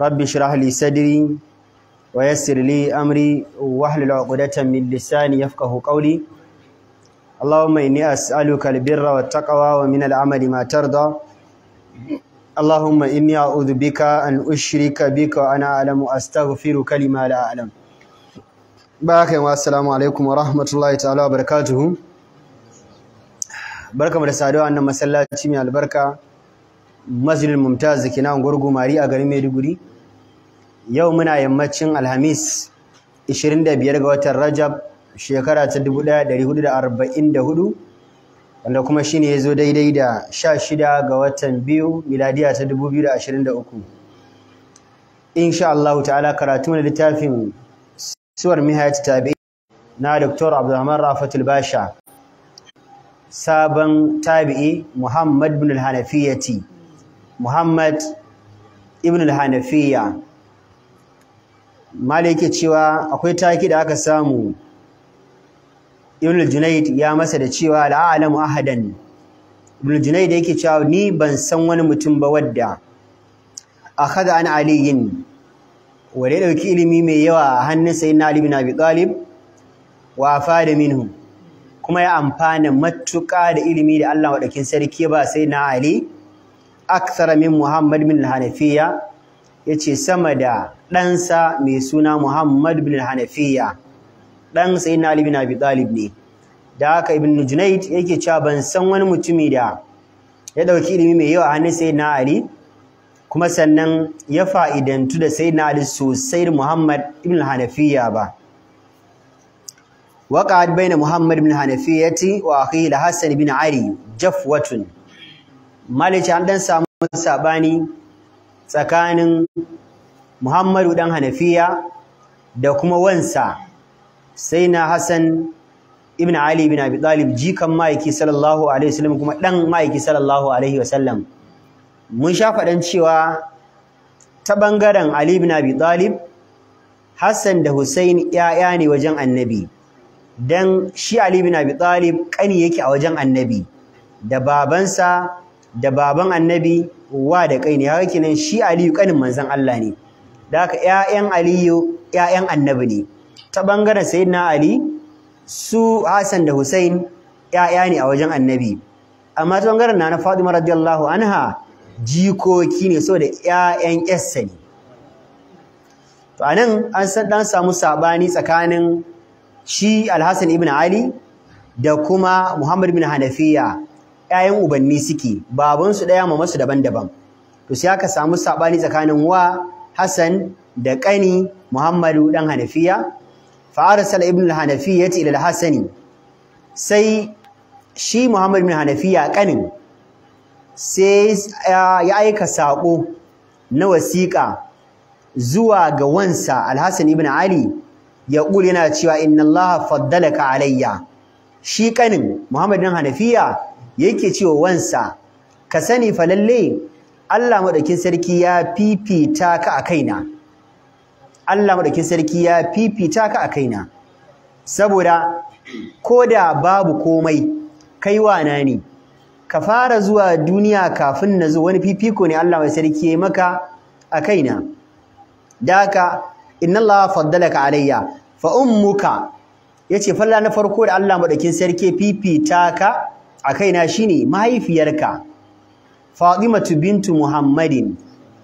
rabbi shrah li sadri wa yassir li amri wahlul 'uqdatan min lisani yafqahu qawli Allahumma inni as'aluka al-birra wat wa min al-'amali ma tarda Allahumma inni a'udhu bika an ushrika bika wa ana a'lamu astaghfiruka lima la a'lam Baraka wa assalamu alaikum wa rahmatullahi ta'ala wa barakatuhu Barkamu da saduwa annan masallaci mai albarka masjidul mumtaz da ke nan gwargumari a garin maiduguri yau muna yammacin alhamis 25 ga watan rajab shekara ta 1444 wanda kuma shine ya zo daidai da 16 ga watan biyu miladiya ta 2023 insha Allah ta'ala karatu na littafin suwar mihaj tabi na Dr. Abdulrahman Rafatul Basha sabon tabi'i Muhammad bin al-Hanafiyati Muhammad ibn al-Hanafiya mala yake cewa akwai taki da aka samu ibn al-Junayd ya masa da cewa la'alamu ahadan ibn al-Junayd yake cewa ni ban san wani mutum ba wadda akhadha an aliyin wanda ya dauki ilimi mai yawa a hannun sayyidina Ali bin Abi Talib wa afada minhu kuma ya amfana matuƙa da ilimi da Allah wadakin sarki ba sayyidina Ali akthara min Muhammad bin Hanafiya yace sama da ɗansa mai suna Muhammad bin Hanafiya ɗan Sayyidina Ali bin Abi Talib ne da haka Ibn Junayd yake cewa ban san wani mutumi da ya ɗauki ilimi mai yawa hannun Sayyidina Ali kuma sannan ya fa'idantu da Sayyidina Ali sosai da Muhammad ibn Hanafiya ba وقعت بين محمد بن حنفية وأخيه الحسن بن علي جفوة malice an dan samu sabani tsakanin Muhammadu dan Hanafiya da kuma wansa sai na Hassan ibn Ali ibn Abi Talib jikan maiki sallallahu alaihi wasallam kuma dan maiki sallallahu alaihi wasallam mun sha fadan cewa ta bangaren Ali ibn Abi Talib Hassan da Hussein ‘ya'ya ne wajen annabi, don shi Ali bin Abi Talib kani yake a wajen annabi, da babansa da baban annabi wa da kai ne haka kenan shi aliyu kanin manzon Allah ne da haka ƴaƴan aliyu ƴaƴan annabi ne ta bangaren sayyidina ali su hasan da husain ƴaƴa ne a wajen annabi amma ta bangaren nana fatima radiyallahu anha jikoki ne saboda da ƴaƴan ƴassa ne to anan an san dan samu sabani tsakanin shi alhasan ibn ali da kuma muhammad bin hanafiya ƴaƴan ubanni suke babansu ɗaya musu daban-daban to sai aka samu saɓani tsakanin wa Hassan da ƙani Muhammadu ɗan Hanafiya fa arsala ibn al-Hanafiya ila al-Hasani sai shi Muhammad ibn Hanafiya ƙanin sai ya aika saƙo na wasiƙa zuwa ga wansa Al-Hassan ibn Ali ya ƙuli yana cewa inna Allah faddalaka alayya shi ƙanin Muhammad ibn Hanafiya yake cewa wansa ka sani fa lalle Allah madaukin sarki ya fifita ka a kaina Allah madaukin sarki ya fifita ka a kaina saboda koda babu komai kai wana ne ka fara zuwa duniya kafin na zo wani fifiko ne Allah mai sarki ya maka a kaina da inna Allah faddalaka alayya fa ummuka yace falla na farko da Allah madaukin sarki fifita ka a kaina shine mahaifiyarka Fatimatu bintu Muhammadin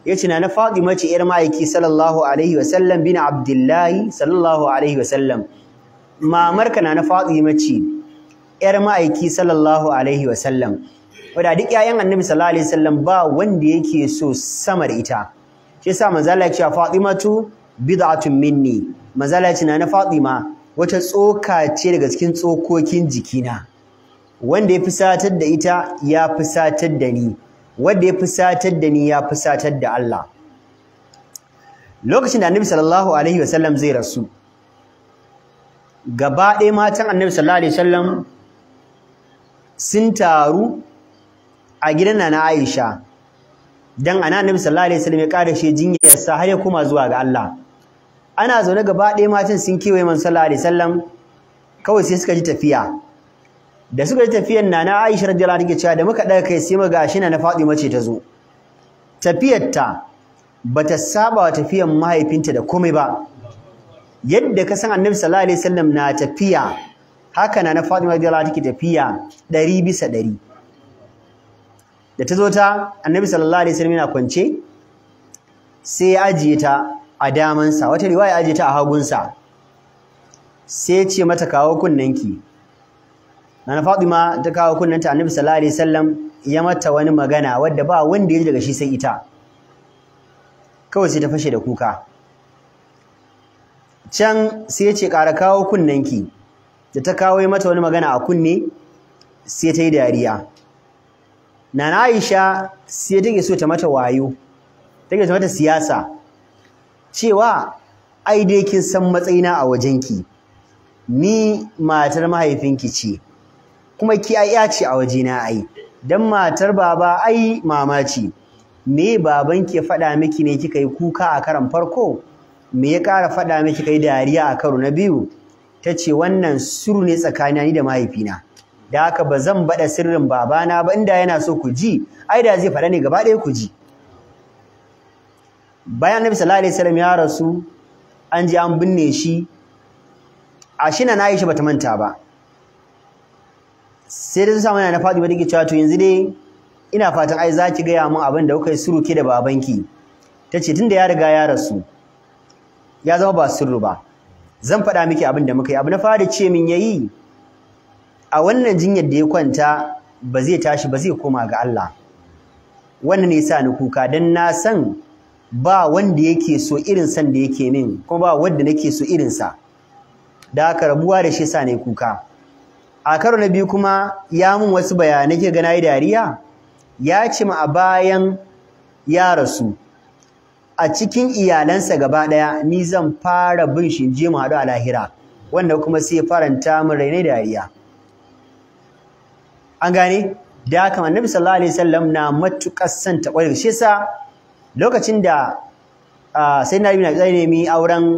yace na na Fatima ce yar ma'aiki sallallahu alaihi wa sallam bin Abdullahi sallallahu alaihi wa sallam mamarka na na Fatima ce yar ma'aiki sallallahu alaihi wa sallam wanda duk yayin Annabi sallallahu alaihi wa sallam ba wanda yake so sama da ita shi yasa manzo Allah ya ce Fatimatu bid'atun minni manzo Allah ya ce na na Fatima wata tsoka ce daga cikin tsokokin jikina wanda ya fusatar da ita ya fusatar da ni wanda ya fusatar da ni ya fusatar da Allah lokacin da annabi sallallahu alaihi wasallam zai rasu gaba ɗaya matan annabi sallallahu alaihi wasallam sun taru a gidan na Aisha dan ana annabi sallallahu alaihi wasallam ya ƙara shi jinyarsa har ya koma zuwa ga Allah ana zaune gaba ɗaya matan sun kiwaye man sallallahu alaihi wasallam kawai sai suka ji tafiya da suka yi tafiyan na Aisha radiyallahu anha cewa da muka daga kai sai muga shi na Fatima ce ta zo tafiyar ta bata saba wa tafiyan mahaifinta da komai ba yadda ka san Annabi sallallahu alaihi wasallam na tafiya haka na Fatima radiyallahu anha take tafiya 100 bisa 100 da ta zo ta Annabi sallallahu alaihi wasallam yana kwance sai ya ajiye ta a damansa wata riwaya ajiye ta a hagunsa sai ya ce mata kawo kunnanki Nana Fatima ta kawo kunnanta Annabi sallallahu alaihi wasallam ya mata wani magana wadda ba wanda ya ji daga shi sai ita. Kawai sai ta fashe da kuka. Can sai ya ce ƙara kawo kunnanki da ta kawo mata wani magana a kunne sai ta yi dariya. Nana Aisha sai take so ta mata wayo, take so mata siyasa. Cewa ai dai kin san matsayina a wajenki. Ni matar mahaifinki ce. kuma K'i kiyaya ce a waje na ai dan matar baba ai mamaci. me baban ke faɗa miki ne kika yi kuka a karon farko me ya ƙara faɗa miki kai dariya a karo na biyu ta ce wannan suru ne tsakanina ni da mahaifina da haka ba zan baɗa sirrin babana ba inda yana so ku ji ai da zai faɗa ne gaba ɗaya ku ji bayan nabi sallallahu alaihi wasallam ya rasu an je an binne shi a shina na yi shi bata manta ba sai da ta yana na Fatima take cewa to yanzu dai ina fatan ai zaki gaya mun abin da kuka yi suru ke da babanki tace tunda ya riga ya rasu ya zama ba sirru ba zan faɗa miki abin da muka yi abu na fara ce min ya yi. a wannan jinyar da ya kwanta ba zai tashi ba zai koma ga Allah wannan ne sa ni kuka dan na san ba wanda yake so irin san da yake min kuma ba wanda nake so irin sa da aka rabuwa da shi yasa ne kuka a karo na biyu kuma ya mun wasu bayanai ke gana yi dariya ya ci ma a bayan ya rasu a cikin iyalansa gaba ɗaya ni zan fara bin shi je mu haɗu a lahira wanda kuma sai faranta min rainai dariya an gane da haka annabi sallallahu alaihi wasallam na matukar son ta kwarai shi yasa lokacin da ah, sai na bin ne mi auren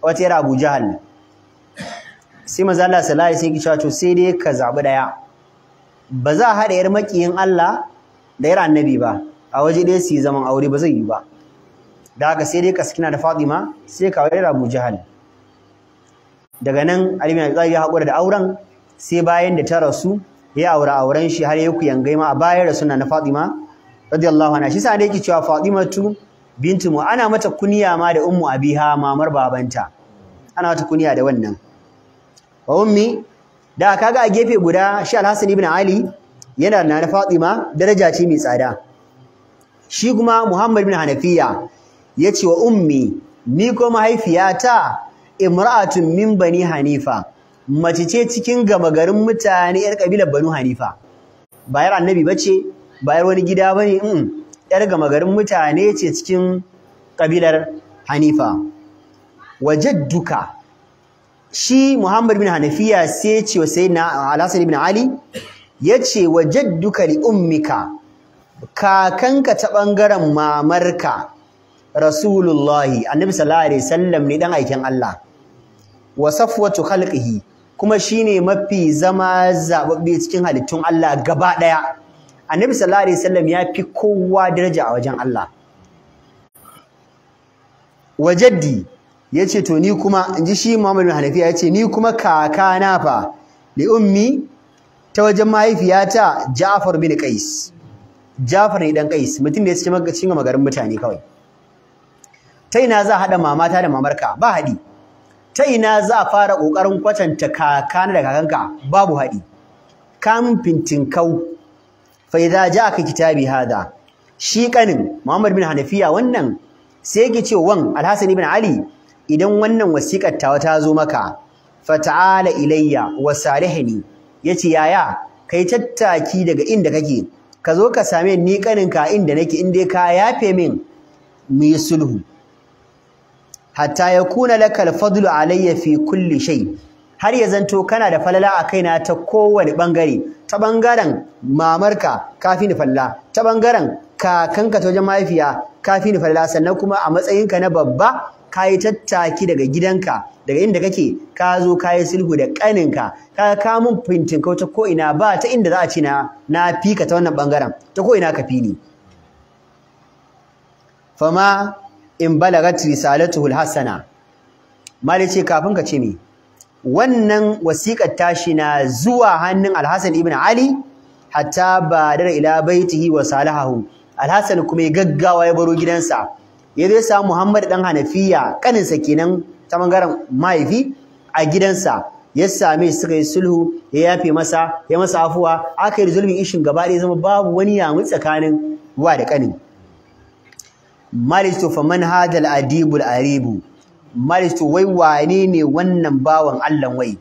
wata yar Abu Jahal sai manzo Allah sallallahu alaihi wasallam to sai dai ka zabi daya ba za a hada yar makiyin Allah da yar annabi ba a waje dai su yi zaman aure ba zai yi ba da haka sai dai ka sakina da Fatima sai ka aure Abu Jahal daga nan Ali bin Abi ya hakura da auren sai bayan da ta rasu ya aure auren shi har ya ku yangai ma a bayan rasu na Fatima radiyallahu anha shi sa dai yake cewa Fatimatu bintu mu ana mata kuniya ma da ummu abiha mamar babanta ana mata kuniya da wannan wa ummi da kaga a gefe guda shi Al-Hasan ibn Ali yana da na Fatima daraja ce mai tsada shi kuma Muhammad ibn Hanafiya yace wa ummi ni ko mahaifiyata imra'atun min bani Hanifa mace ce cikin gama garin mutane yar kabilar Banu Hanifa bayar annabi bace bayar wani gida bane in mm, yar gama garin mutane ce cikin kabilar Hanifa wajadduka duka. shi Muhammad bin Hanafiya sai ce wa sayyidina Al-Hasan ibn Ali yace wa jadduka li ummika kakanka ta bangaren mamarka Rasulullahi Annabi sallallahu alaihi wasallam ne dan aikin Allah wa safwatu khalqihi kuma shine mafi zama zababbe cikin halittun Allah gaba ɗaya. Annabi sallallahu alaihi wasallam ya fi kowa daraja a wajen Allah wa ya ce to ni kuma in ji shi Muhammadu bin Hanafiya ya ce ni kuma kaka na fa li ummi ta wajen mahaifiyata Ja'far bin Qais Ja'far ne dan Qais mutum da ya ce ga magarin mutane kawai ta ina za a haɗa mamata da mamarka ba haɗi ta ina za a fara ƙoƙarin kwatanta kakana da kakanka babu haɗi kamfin tinkau fa idza ja'aka kitabi hada shi kanin Muhammadu bin Hanafiya wannan sai yake ce wan Alhassan ibn Ali idan wannan wasiƙar tawa ta zo maka fata'ala ilayya wa salihni yace yaya kai tattaki daga inda kake ka zo ka same ni kaninka inda nake in dai ka yafe min mu yi sulhu hatta yakuna lakal fadlu alayya fi kulli shay har ya zanto kana da falala a kaina ta kowane bangare ta bangaren mamarka kafi ni falala ta bangaren kakanka ta wajen mahaifiya kafi ni falala sannan kuma a matsayinka na babba Kayi tattaki daga gidanka daga inda kake ka zo ka sulhu da ƙaninka ka ka mun fintinkau ta ko ina ba ta inda za a ce na na fika ta wannan bangaren ta ko ina ka fili fama in balagat risalatuhu alhasana mali ce kafin ka ce me wannan wasiƙar tashi na zuwa hannun alhassan ibn ali hatta badara ila baitihi wa salahu alhassan kuma gaggawa ya baro gidansa ya zai ya samu Muhammad dan Hanafiya kaninsa kenan ta bangaren mahaifi a gidansa ya same shi suka yi sulhu ya yafe masa ya masa afuwa aka yi zulmin ishin gaba ɗaya zama babu wani yamu tsakanin wa da kanin malistu fa man hadal adibul aribu malistu wai wane ne wannan bawan Allah wai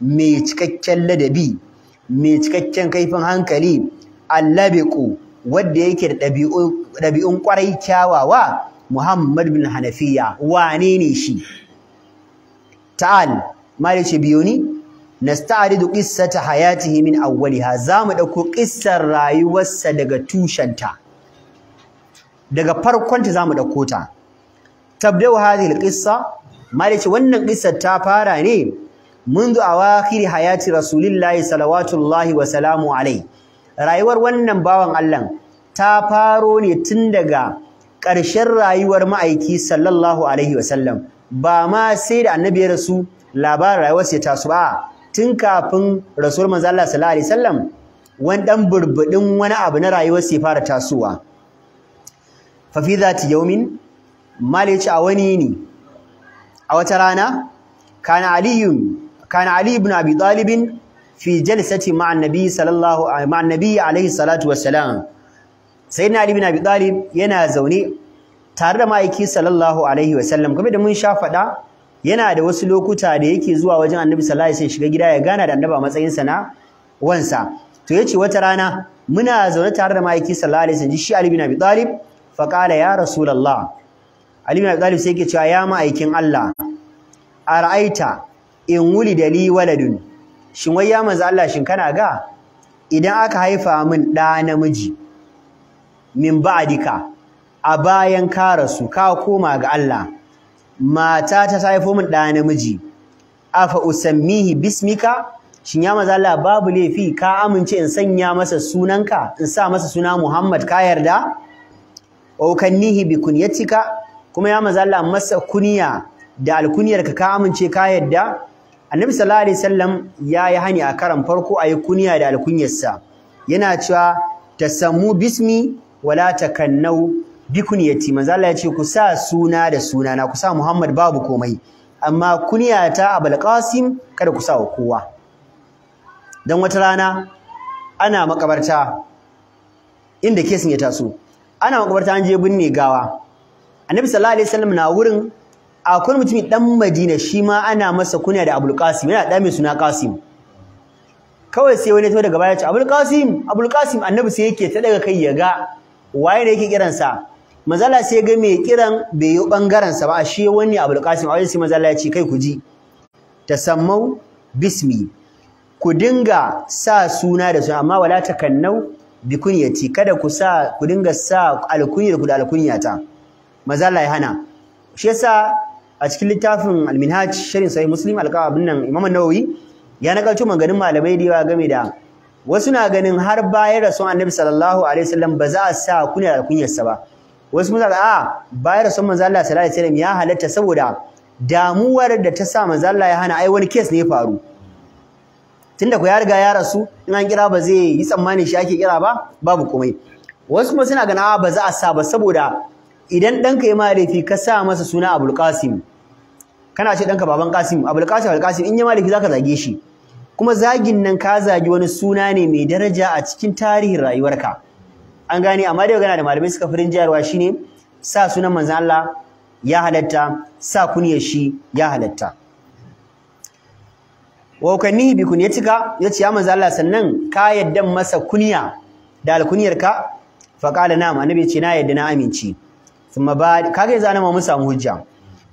mai cikakken ladabi mai cikakken kaifin hankali allabiqu Wadda yake da ɗabi'un ƙwarai kyawawa Muhammad bin Hanafiya wane ne shi ta'al mali ce biyo ni nasta'ridu qissata hayatihi min awwaliha zamu dauko qissar rayuwarsa daga tushenta daga farkonta zamu ɗauko ta tabda'u hadhihi alqissa mali ce wannan qissar ta fara ne منذ أواخر حياة رسول الله صلوات الله salamu عليه rayuwar wannan bawan Allah ta faro ne tun daga ƙarshen rayuwar ma'aiki sallallahu alaihi wasallam ba ma sai da annabi ya rasu labarin rayuwarsa ya taso ba tun kafin rasuwar manzo Allah sallallahu alaihi wasallam wani dan burbudin wani abu na rayuwarsa ya fara tasowa fa fi zati yawmin malici a wani ne a wata rana kana aliyu kana ali ibn abi talib fi jalsati ma'a annabi sallallahu ma'a annabi alaihi salatu wassalam sai ali bin bi tsari yana zaune tare da ma'aiki sallallahu alaihi wa sallam kuma da mun sha faɗa yana da wasu lokuta da yake zuwa wajen annabi sallallahu alaihi wasallam shiga gida ya gana da annabi a matsayin sa na wansa to yace wata rana muna zaune tare da ma'aiki sallallahu alaihi wasallam shi ali bin abi talib fa qala ya rasulullah ali bin abi sai yake cewa ya ma'aikin Allah ara'aita in wuli waladun shin wai ya manzo Allah shin kana ga idan aka haifa min da namiji min ba'dika a bayan ka rasu ka koma ga Allah mata ta haifo min da namiji afa usammihi bismika shin ya maza Allah babu laifi ka amince in sanya masa sunanka in sa masa suna Muhammad ka yarda wa ukannihi bi kunyatika kuma ya maza Allah masa kunya da alkunyarka ka amince ka yarda annabi sallallahu alaihi wasallam ya yi hani a karan farko ayi kunya da alkunyarsa yana cewa tasammu bismi wala takannau bi kunyati manzo Allah ya ce ku sa suna da sunana ku sa Muhammad babu komai amma kunyata Abul Qasim kada ku sa wa kowa dan wata rana ana makabarta inda kesin ya taso ana makabarta an je binne gawa Annabi sallallahu alaihi wasallam na wurin akwai mutumi dan Madina shi ma ana masa kunya da Abul Qasim yana da mai suna Qasim kawai sai wani ya tafi daga baya ya ce Abul Qasim Abul Qasim Annabi sai yake ta daga kai ya ga waye ne yake kiransa mazala sai ga mai kiran bai yi bangaren sa ba a shi wani Abdul Qasim a sai mazala ya ce kai ku ji tasammau bismi ku dinga sa suna da su. amma wala takannau bi kunyati kada ku sa ku dinga sa alkunyar ku da alkunyata mazala ya hana shi yasa a cikin littafin al-Minhaj sharhin sahih Muslim alqa Imam nan Imam Nawawi ya nakalto maganin malamai da yawa game da wasu na ganin har bayan rasuwan annabi sallallahu alaihi wasallam ba za a sa kunya alkunyarsa ba wasu mun a bayan rasuwan manzo Allah sallallahu alaihi wasallam ya halatta saboda damuwar da ta sa manzo Allah ya hana ai wani case ne ya faru tunda ku ya riga ya rasu in an kira ba zai yi tsammani shi ake kira ba babu komai wasu kuma suna ganin ba za a sa ba saboda idan ɗanka ya ma laifi ka sa masa suna Abul Qasim kana ce ɗanka baban Qasim Abul Qasim Abul Qasim in ya ma laifi zaka zage shi kuma zagin nan ka zagi wani suna ne mai daraja a cikin tarihin rayuwarka an gane amma da gana da malamai suka firin jayarwa shine sa sunan manzon Allah ya halatta sa kunyar shi ya halatta wa kanni bi kunyatika yace ya manzon Allah sannan ka yadda masa kunya da alkunyarka fa qala na annabi ce na yadda na amince thumma ba kaga yanzu ana mu samu hujja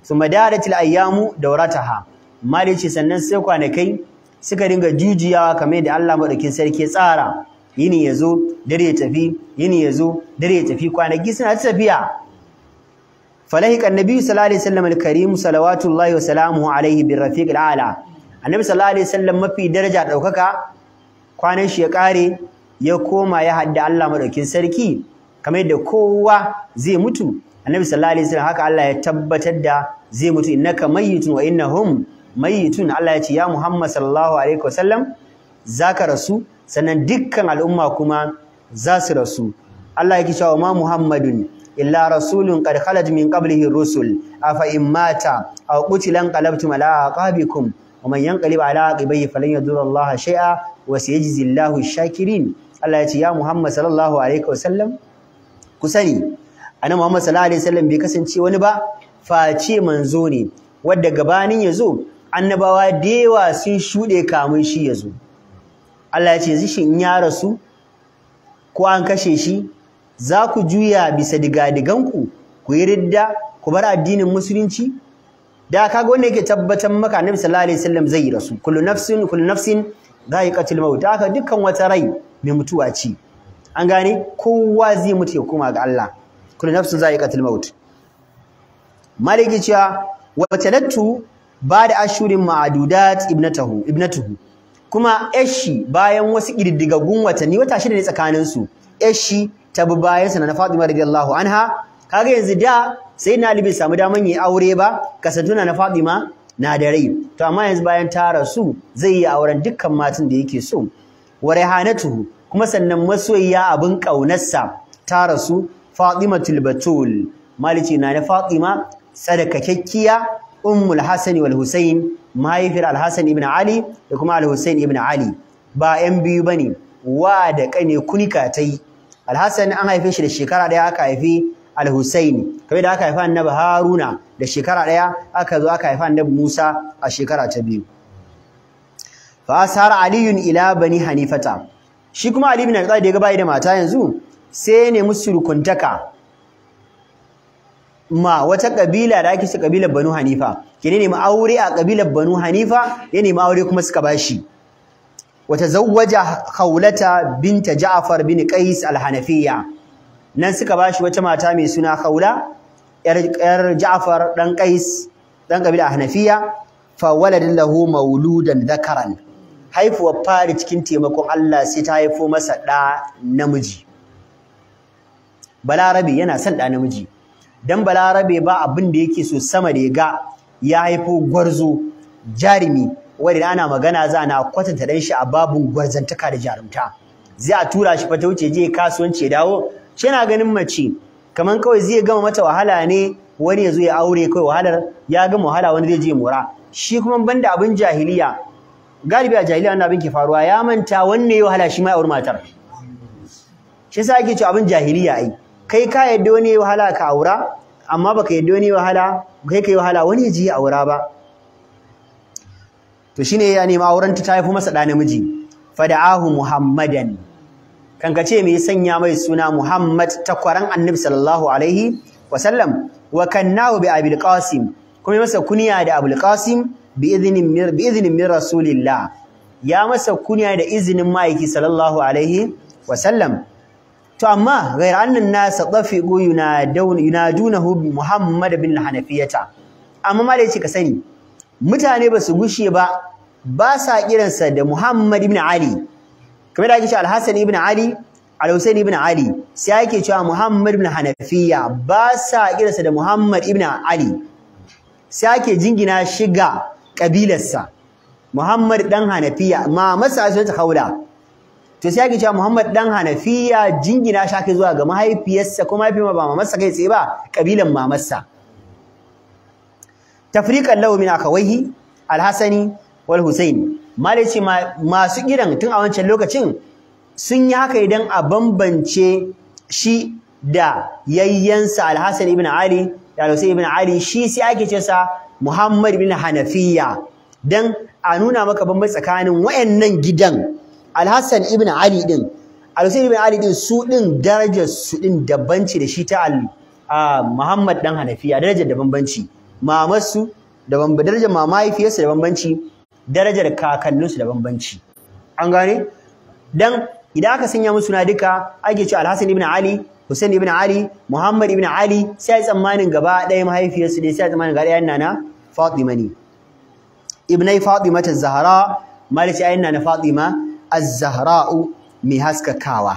thumma ayyamu dawrataha mali ce sannan sai kwanakai suka dinga jujiyawa kamar da Allah madaukin sarki ya tsara yini ya zo dare ya tafi yini ya zo dare ya tafi kwanaki suna ta tafiya Falahi kan nabi sallallahu alaihi wasallam alkarim صلوات الله wa عليه بالرفيق الأعلى النبي صلى Annabi sallallahu alaihi ما في درجة أو kwanan shi ya kare ya koma ya hadda Allah madaukin sarki kamar yadda kowa zai mutu annabi sallallahu alaihi wasallam haka Allah ya tabbatar da zai mutu innaka mayyitun wa innahum mayyitun Allah ya ce ya Muhammad sallallahu alaihi wasallam zaka rasu sannan dukkan al'umma kuma za su rasu Allah yake cewa ma Muhammadun illa rasulun qad khalat min qablihi rusul afa in mata aw qutila qalabtum ala aqabikum wa man yanqalib ala aqibihi falan yadurra Allah shay'a wa sayajzi Allahu shakirin Allah ya ce ya Muhammad sallallahu alaihi wasallam ku sani annabi Muhammad sallallahu alaihi wasallam bai kasance wani ba face manzo ne wanda gabanin ya zo annabawa da yawa sun shuɗe kamun shi ya zo Allah ya ce in ya rasu ko an kashe shi za ku juya bisa digadiganku ku yi ridda ku bar addinin musulunci da kaga wanda yake tabbatar maka annabi sallallahu alaihi wasallam zai rasu kullu nafsin kullu nafsin dha'iqatul maut haka dukkan wata rai mai mutuwa ce an gane kowa zai mutu ya koma ga Allah kullu nafsin dha'iqatul maut maliki cewa wa talattu ba da ashurin ma'adudat ibnatahu ibnatuhu kuma eshi bayan wasu ƙididdigaggun watanni wata shida ne tsakaninsu. eshi ta bi bayan sa na Fatima radiyallahu anha kaga yanzu da sai na bai samu daman yi aure ba kasantuna na ma na da rai to amma yanzu bayan ta rasu zai yi auren dukkan matan da yake so wa rihanatuhu kuma sannan masoyiya abin ƙaunarsa ta rasu ma Batul malici na na tsada sadakakkiya ummul hasani wal husain mahaifiyar alhassan ibn ali da kuma alhussein ibn ali ba yan biyu ba ne wa da kane kunika ta yi alhassan an haife shi da shekara ɗaya aka haifi alhussein kamar da aka haifi annabi haruna da shekara ɗaya aka zo aka haifi annabi musa a shekara ta biyu fa aliyun ila bani hanifata shi kuma ali ibn abi da ya ga da mata yanzu sai ne musu rukuntaka ma wata kabila da ake ce kabilar Banu Hanifa ki ne aure a kabilar Banu Hanifa ya nemi aure kuma suka bashi wata tazawwaja Khawlata binta Ja'far bin Qais al-Hanafiyya nan suka bashi wata mata mai suna Khawla yar Ja'far dan Qais dan kabilar Hanafiya fa waladin lahu mauludan dhakaran haifuwar fari cikin taimakon Allah sai ta haifo masa ɗa namiji balarabi yana son ɗa namiji dan balarabe ba abin da yake so sama da ga ya haifo gwarzo Jarumi, wanda ana magana za na kwatanta dan shi a babun gwarzantaka da jarumta zai a tura shi fata wuce je kasuwanci ya dawo shi na ganin mace kaman kawai zai gama mata wahala ne wani ya zo ya aure kawai wahalar ya gama wahala wani zai je mura shi kuma banda abin jahiliya galibi a jahiliya wannan abin ke faruwa ya manta wanne ya wahala shi ma ya aure matar shi yasa ake cewa abin jahiliya ai kai ka yadda wani ya wahala ka aura amma baka yadda wani ya wahala kai ka yi wahala wani ya ji ya aura ba to shine ya nema auren ta haifi masa da namiji fada'ahu muhammadan kan ka ce me sanya mai suna muhammad takwaran annabi sallallahu alaihi wa sallam wa kannahu bi abil qasim kuma masa kuniya da abul qasim bi idhnin mir bi idhnin min rasulillah ya masa kuniya da izinin ma'aiki sallallahu alaihi wa sallam to amma ghayr annan na nas tafiqu juna yunadunahu Muhammad bin Hanafiyata amma ma da yace ka sani mutane ba su gushe ba ba sa kiransa da Muhammad ibn Ali kamar da ake cewa Alhassan ibn Ali Alhassan ibn Ali sai ake cewa Muhammad ibn Hanafiya ba sa kiransa da Muhammad ibn Ali sai ake jingina shiga kabilarsa Muhammad dan Hanafiya ma masa ta Khawla Sai sai ake cewa Muhammad dan Hanafiya jingina sha ake zuwa ga mahaifiyarsa ko mahaifiyar ba mamarsa kai tsaye ba kabilan mamarsa tafriqan lahu min akawaihi al-Hasani wal Husaini malaci masu gidan tun a wancan lokacin sun yi haka idan a bambance shi da yayyansa al ibn Ali da Husain ibn Ali shi sai ake ce sa Muhammad ibn Hanafiya dan a nuna maka bambanci tsakanin wayannan gidan alhassan ibn ali din alhassan ibn ali din su din darajar su din dabbanci da shi ta al muhammad dan hanafiya darajar da bambanci mamarsu da darajar mamahaifiyarsu da bambanci darajar kakanninsu da bambanci an gane dan idan aka sanya musu na duka ake cewa alhassan ibn ali Hussein ibn Ali, Muhammad ibn Ali, sai tsammanin gaba ɗaya mahaifiyarsu ne, sai tsammanin gaba ɗaya nana Fatima ne. Ibnai Fatima Zahra Zahara, malici ayin nana Fatima, az-zahra'u mi haskakawa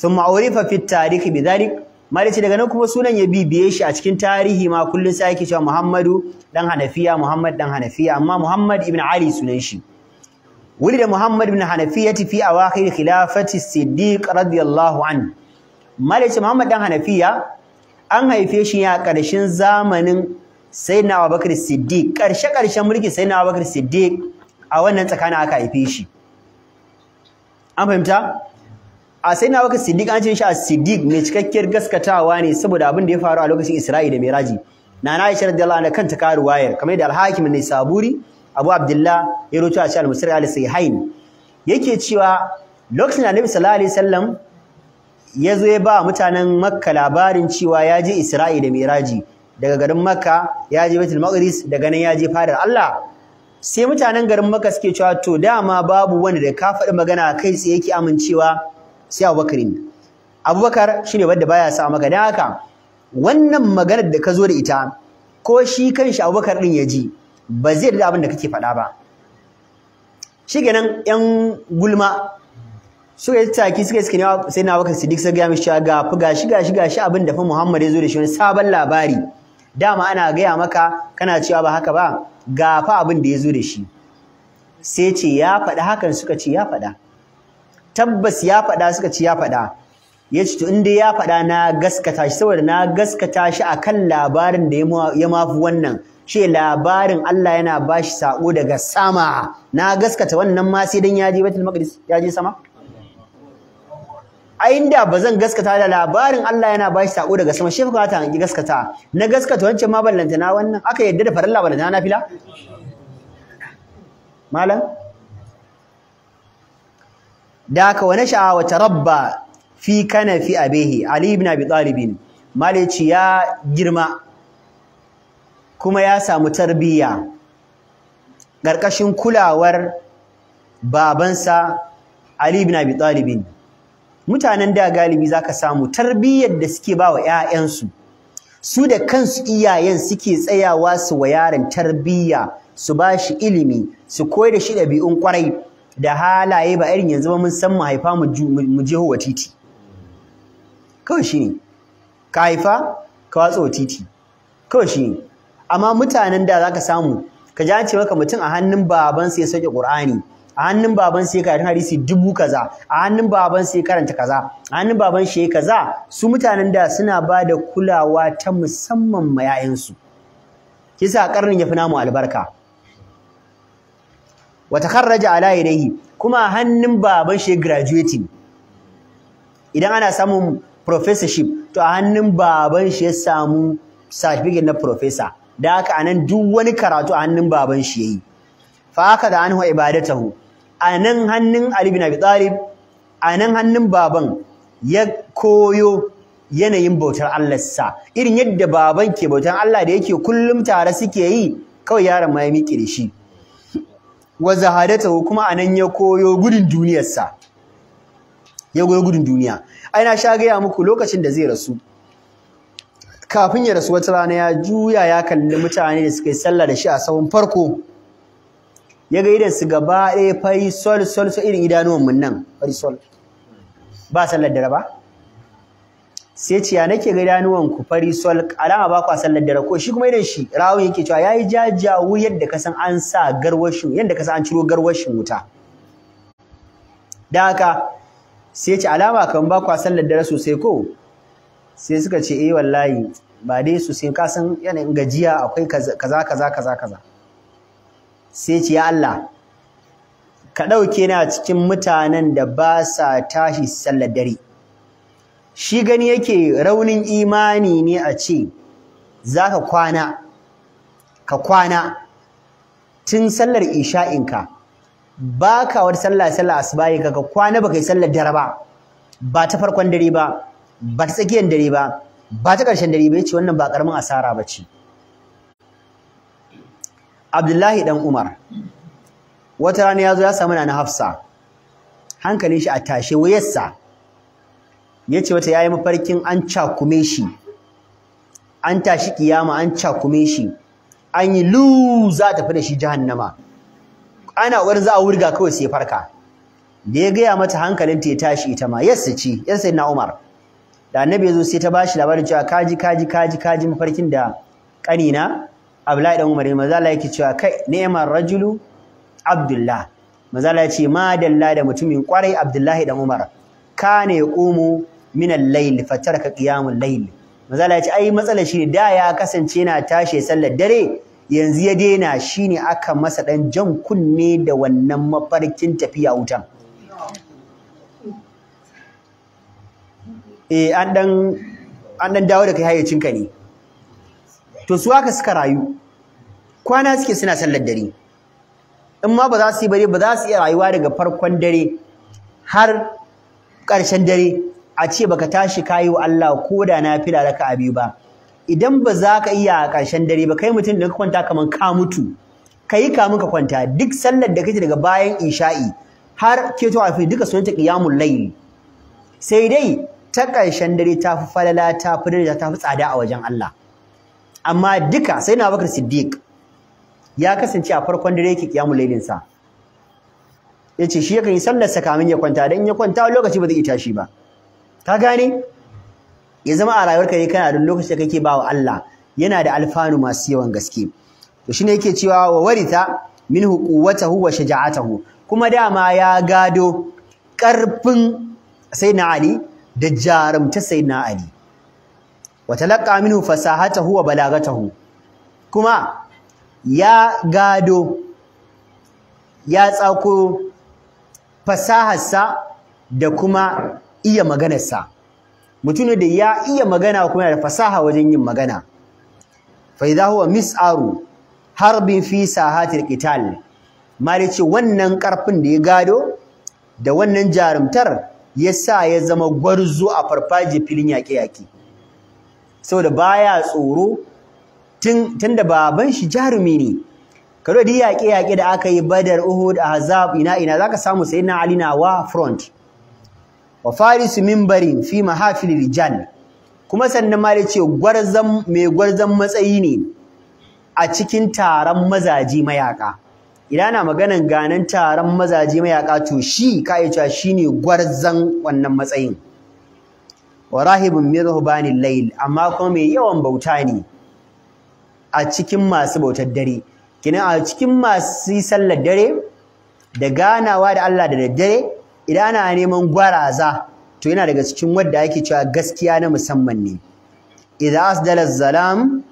thumma urifa fi at-tarikh bidhalik malice daga nan kuma sunan ya bibiye shi a cikin tarihi ma kullum sai yake cewa Muhammadu dan Hanafiya Muhammad dan Hanafiya amma Muhammad ibn Ali sunan shi wulida Muhammad ibn Hanafiya fi awakhir khilafati Siddiq radiyallahu an malice Muhammad dan Hanafiya an haife shi ya karshen zamanin Sayyidina Abubakar Siddiq karshe karshen mulki Sayyidina Abubakar Siddiq a wannan tsakanin aka haife shi an fahimta a sai na wakar siddiq an ce shi a siddiq mai cikakkiyar gaskatawa ne saboda abin da ya faru a lokacin isra'i da miraji Na nana aisha radiyallahu anha kanta karu wayar kamar yadda alhakim ne saburi abu Abdullahi ya roto a cikin al-musri sai hain yake cewa lokacin da annabi sallallahu alaihi wasallam ya zo ya ba mutanen makka labarin cewa ya je isra'i da miraji daga garin makka ya je baitul maqdis daga nan ya je fadar allah sai mutanen garin Makka suke cewa to dama babu wani da ka faɗi magana kai tsaye yake amincewa sai Abubakar ne Abubakar shine wanda baya sa maka dan haka wannan maganar da ka zo da ita ko shi kanshi Abubakar din ya ji ba zai da abin da kake faɗa ba shikenan yan gulma suka yi taki suka suka newa sai na Abubakar Siddiq sai ga mishi ga fuga shi ga shi ga shi abin da fa Muhammad ya zo da shi wani sabon labari dama ana gaya maka kana cewa ba haka ba Gafa abin da ya zo da shi sai ce ya faɗa hakan suka ce ya faɗa tabbas ya faɗa suka ce ya faɗa ya to in ya faɗa na gaskata shi saboda na gaskata shi a kan labarin da ya mafi wannan ce labarin Allah yana bashi sako daga sama na gaskata wannan ma sai dan ya je Baitul Maqdis ya je sama a inda ba zan gaskata da labarin Allah yana bashi sako daga sama shi fuka ta hangi gaskata na gaskata wancan ma ballanta na wannan aka yadda da farilla ballanta na fila malam da haka wani nasha'a wa rabba fi kana fi abehi ali ibn abi talib malici ya girma kuma ya samu tarbiyya ƙarƙashin kulawar babansa ali ibn abi talibin mutanen da galibi zaka samu tarbiyyar da suke ba wa 'ya'yansu su da kansu iyayen suke tsayawa su wa yaron tarbiyya su ba shi ilimi su koyar da shi ɗabi'un kwarai da halaye ba irin yanzu ba mun san mu haifa mu je wa titi kawai shi ne ka haifa ka watsa wa titi kawai shi ne amma mutanen da zaka samu ka ji an ce maka mutum a hannun babansa ya sauke Ƙur'ani. a hannun baban sai karatun hadisi dubu kaza a hannun baban sai karanta kaza a hannun baban shi kaza su mutanen da suna ba da kulawa ta musamman ma 'ya'yansu kisa karnin ya fi namu albarka Wata takharraja ala yadayhi kuma hannun baban shi graduating idan ana samun professorship to a hannun baban shi ya samu certificate na professor da haka anan duk wani karatu a hannun baban shi yayi fa aka da anhu ibadatahu a nan hannun Ali na bi tsari, a nan hannun baban ya koyo yanayin bautar Allah irin yadda baban ke bautar Allah da yake kullum tare suke yi kawai yaron ma ya miƙe da shi wa kuma a nan ya koyo gudun duniyarsa ya goyo gudun duniya aina sha gaya muku lokacin da zai rasu kafin ya rasu wata rana ya juya ya kalli mutane da suka yi sallah da shi a sahun farko ya ga idan su gaba ɗaya fari sol sol sol irin idanuwan mun nan fari sol ba sallar dare ba sai ciya nake ga idanuwan ku fari sol alama ba a sallar dare ko shi kuma idan shi rawun yake cewa yayi jajawu yadda ka san an sa garwashin yadda ka san an ciro garwashin wuta da haka sai ce alama kan ba a sallar dare sosai ko sai suka ce eh wallahi ba dai sosai ka san yanayin gajiya akwai kaza kaza kaza kaza sai ce ya Allah ka ɗauke ni a cikin mutanen da ba sa tashi sallar dare shi gani yake raunin imani ne a ce za ka kwana ka kwana tun sallar isha'inka ba ka wata sallah sallar asubahi ka ka kwana ba yi sallar dare ba ba ta farkon dare ba ba ta tsakiyar dare ba ba ta ƙarshen dare ba ya ce wannan ba ƙaramin asara ba ce Abdullahi dan Umar wata rana ya zo ya samu nana Hafsa hankalin shi a tashe wayarsa ya ce wata yayi mafarkin an cakume shi an tashi kiyama an cakume shi an yi lu za ta fi da shi jahannama ana ƙoƙarin za a wurga kawai sai farka da ya gaya mata hankalin ta ya tashi ita ma Yassa ce yassa na Umar da annabi bai zo sai ta bashi labarin cewa kaji kaji kaji kaji mafarkin da ƙanina Abdullahi dan Umar maza Allah yake cewa kai neman rajulu Abdullah maza Allah yace ma dalla da mutumin kwarai Abdullahi dan Umar kana yaqumu min al-layl fataraka qiyamul layl maza Allah yace ai matsalar shi da ya kasance yana tashi sallar dare yanzu ya daina shine aka masa dan jan kunne da wannan mafarkin tafiya wutan eh an dan an dan dawo da kai hayyacinka ne to su aka suka rayu kwana suke suna sallar dare in ma ba za su yi bare ba za su iya rayuwa daga farkon dare har ƙarshen dare a ce baka tashi kayi wa Allah ko da na fila raka a ba idan ba za ka iya a ƙarshen dare ba kai mutum da ka kwanta kaman ka mutu kayi ka ka kwanta duk sallar da kake daga bayan isha'i har keto a duka sunanta qiyamul layl sai dai ta ƙarshen dare ta fi falala ta fi dare ta fi tsada a wajen Allah amma duka sai na bakar siddiq ya kasance a farkon dare yake kiyamu lailin sa yace shi yakan yi sallar sa kamin ya kwanta dan ya kwanta lokaci ba zai tashi ba ka gane ya zama a rayuwarka ne kana da lokaci da kake bawa Allah yana da alfanu masu yawan gaske to shine yake cewa wa warita minhu quwwatahu wa shaja'atahu kuma dama ya gado karfin sayyidina Ali da jarumta sayyidina Ali wa talaqqa minhu fasahatahu wa balagatahu kuma ya gado ya tsako fasaharsa da kuma iya maganarsa mutune da ya iya magana kuma yana da fasaha wajen yin magana fa idza huwa mis'aru harbin fi sahatil qital mali ce wannan karfin da ya gado da wannan jarumtar yasa ya zama gwarzo a farfaje filin yaƙe-yaƙe saboda baya tsoro tun da baban shi jarumi ne karo da yaƙe yaƙe da aka yi badar uhud azab! ina ina zaka samu sayyidina ali na wa front wa farisu minbarin fi mahafil rijal kuma sannan ma ce gwarzan mai gwarzan matsayi ne a cikin taron mazaji mayaka ina na maganan ganan taron mazaji mayaka to shi ka yi cewa shine gwarzan wannan matsayin wa rahibun min ni amma kuma mai yawan bauta ne a cikin masu bautar dare kina a cikin masu sallar dare da ganawa da Allah da daddare idan ana neman gwaraza to yana daga cikin wadda yake cewa gaskiya na musamman ne idza asdala zalam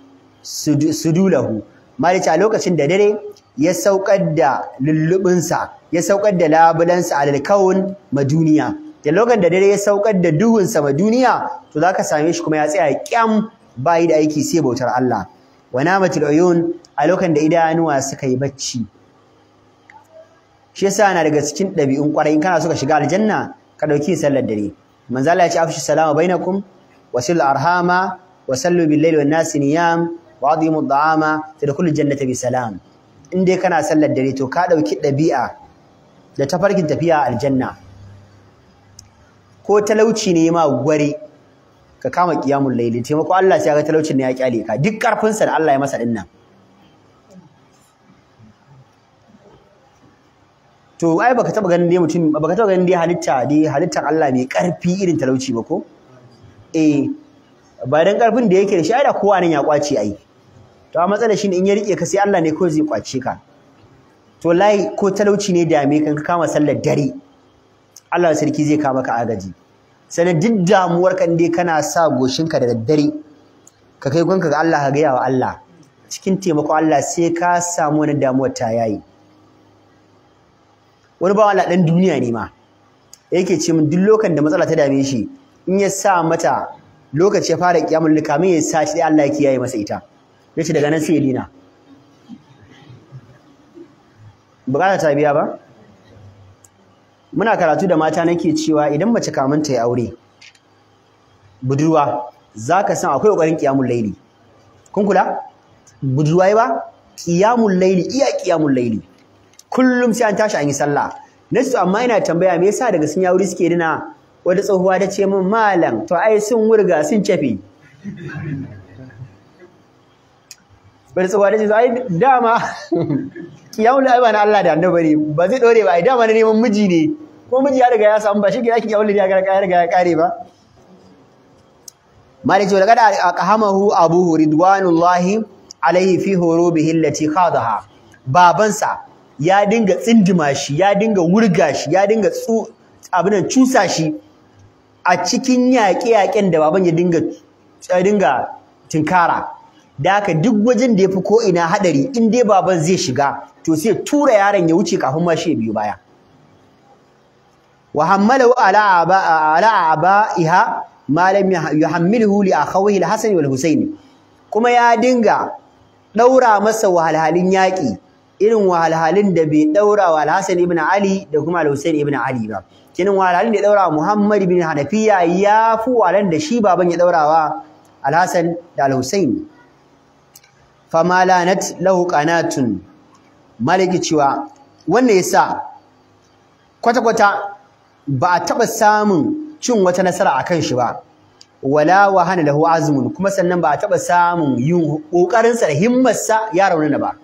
sudulahu mali a lokacin da dare ya saukar da lullubinsa ya saukar da labulansa a kaun maduniya da logan da dare ya saukar da duhun sama duniya to zaka same shi kuma ya tsaya kyam bayi da aiki sai bautar Allah wa namatul uyun a lokacin da idanuwa suka yi bacci shi yasa na daga cikin ɗabi'un ƙwarai in kana so ka shiga aljanna ka ɗauki sallar dare manzo Allah ya ce afshu salama bainakum wasil arhama wasallu bil layli wan nasi niyam wa adimu da'ama jannata bi salam in dai kana sallar dare to ka ɗauki ɗabi'a da ta tafarkin tafiya aljanna ko talauci ne ma gware ka kama qiyamul layli taimako Allah sai ga talaucin ne ya kyale ka duk karfin sa da Allah ya masa dinnan to ai baka taba ganin dai mutum baka taba ganin dai halitta dai halittar Allah mai karfi irin talauci ba ko eh ba dan karfin da yake da shi ai da kowa nan ya kwace ai to a matsalar shi ne in ya rike ka sai Allah ne kawai zai kwace ka to lai ko talauci ne dame kan ka kama sallar dare Allah sarki zai kawo maka agaji sannan duk damuwar kan dai kana sa goshin ka da daddare ka kai gonka ga Allah ka gaya wa Allah cikin taimako Allah sai ka samu wani damuwar ta yayi wani bawa Allah dan duniya ne ma yake ce min duk lokacin da matsala ta dame shi in ya sa mata lokaci ya fara kiyamul likamin ya sa shi Allah ya kiyaye masa ita yace daga nan sai ya dina bukata ta biya ba muna karatu da mata nake cewa idan mace kamun ta yi aure budurwa za ka san akwai ƙoƙarin ƙiyamun laili kun kula budurwa ba ƙiyamun laili iya ƙiyamun laili kullum sai an tashi an yi sallah su amma ina tambaya me yasa daga sun yi aure suke dina wata tsohuwa ta ce min malam to ai sun wurga sun cafe wata tsohuwa ta ce ai dama ƙiyamun laili ba na Allah da annabi ne ba zai dore ba ai dama na neman miji ne ko miji ya riga ya samu ba shi ke yakin yawon ya riga ya kare ba malik cewa a aqhamahu abu ridwanullahi alaihi fi hurubihi allati khadaha babansa ya dinga tsindima shi ya dinga wurga shi ya dinga tsu nan cusa shi a cikin yaƙe-yaƙen da baban ya dinga ya dinga tinkara da haka duk wajen da ya fi ina haɗari in dai baban zai shiga to sai tura yaron ya wuce kafin ma shi ya biyo baya wa hammalahu ala aba ala abaiha ma lam yuhammiluhu li kuma ya dinga ɗaura masa wahalhalin yaƙi, irin wahalhalin da bai daura wa al-Hasan ibn Ali da kuma al ibn Ali ba kinin wahalhalin da ya daura Muhammad ibn Hanafiya ya fi walan da shi baban ya daura wa al-Hasan da al-Husayn fama lanat maliki cewa wannan yasa kwata-kwata ba a taɓa samun cin wata nasara a kan shi ba wala wahana lahu azumin, kuma sannan ba a taɓa samun yin ƙoƙarinsa da himmarsa ya raunana ba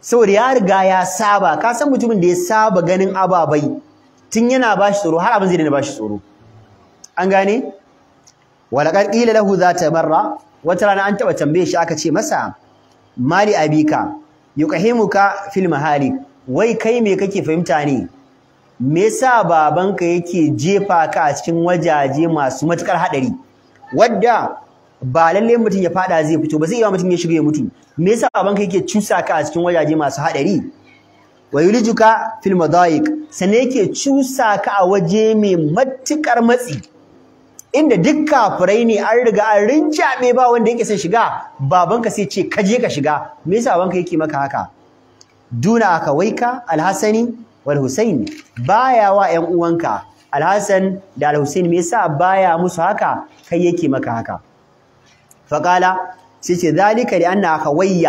saboda ya riga ya saba ka san mutumin da ya saba ganin ababai tun yana ba shi tsoro har abin zai daina ba shi tsoro an gane walaƙar ƙila lahu za ta barra wata rana an taɓa tambaye shi aka ce masa mali abika yuqhimuka fil mahali wai kai me kake fahimta ne me yasa babanka yake jefa ka a cikin wajaje masu matukar hadari wadda ba lalle mutum ya fada zai fito ba zai iya mutum ya shiga ya mutu me sa babanka yake cusa ka a cikin wajaje masu hadari wa yulijuka fil madayiq sanne yake cusa ka a waje mai matukar matsi inda duk kafirai ne an riga an rinjabe ba wanda yake son shiga babanka sai ce ka je ka shiga me yasa babanka yake maka haka duna aka waika alhasani wal Husain baya wa 'yan uwanka Alhassan da Al-Husain me yasa baya musu haka kai yake maka haka Faƙala sai ce zalika li anna yanzu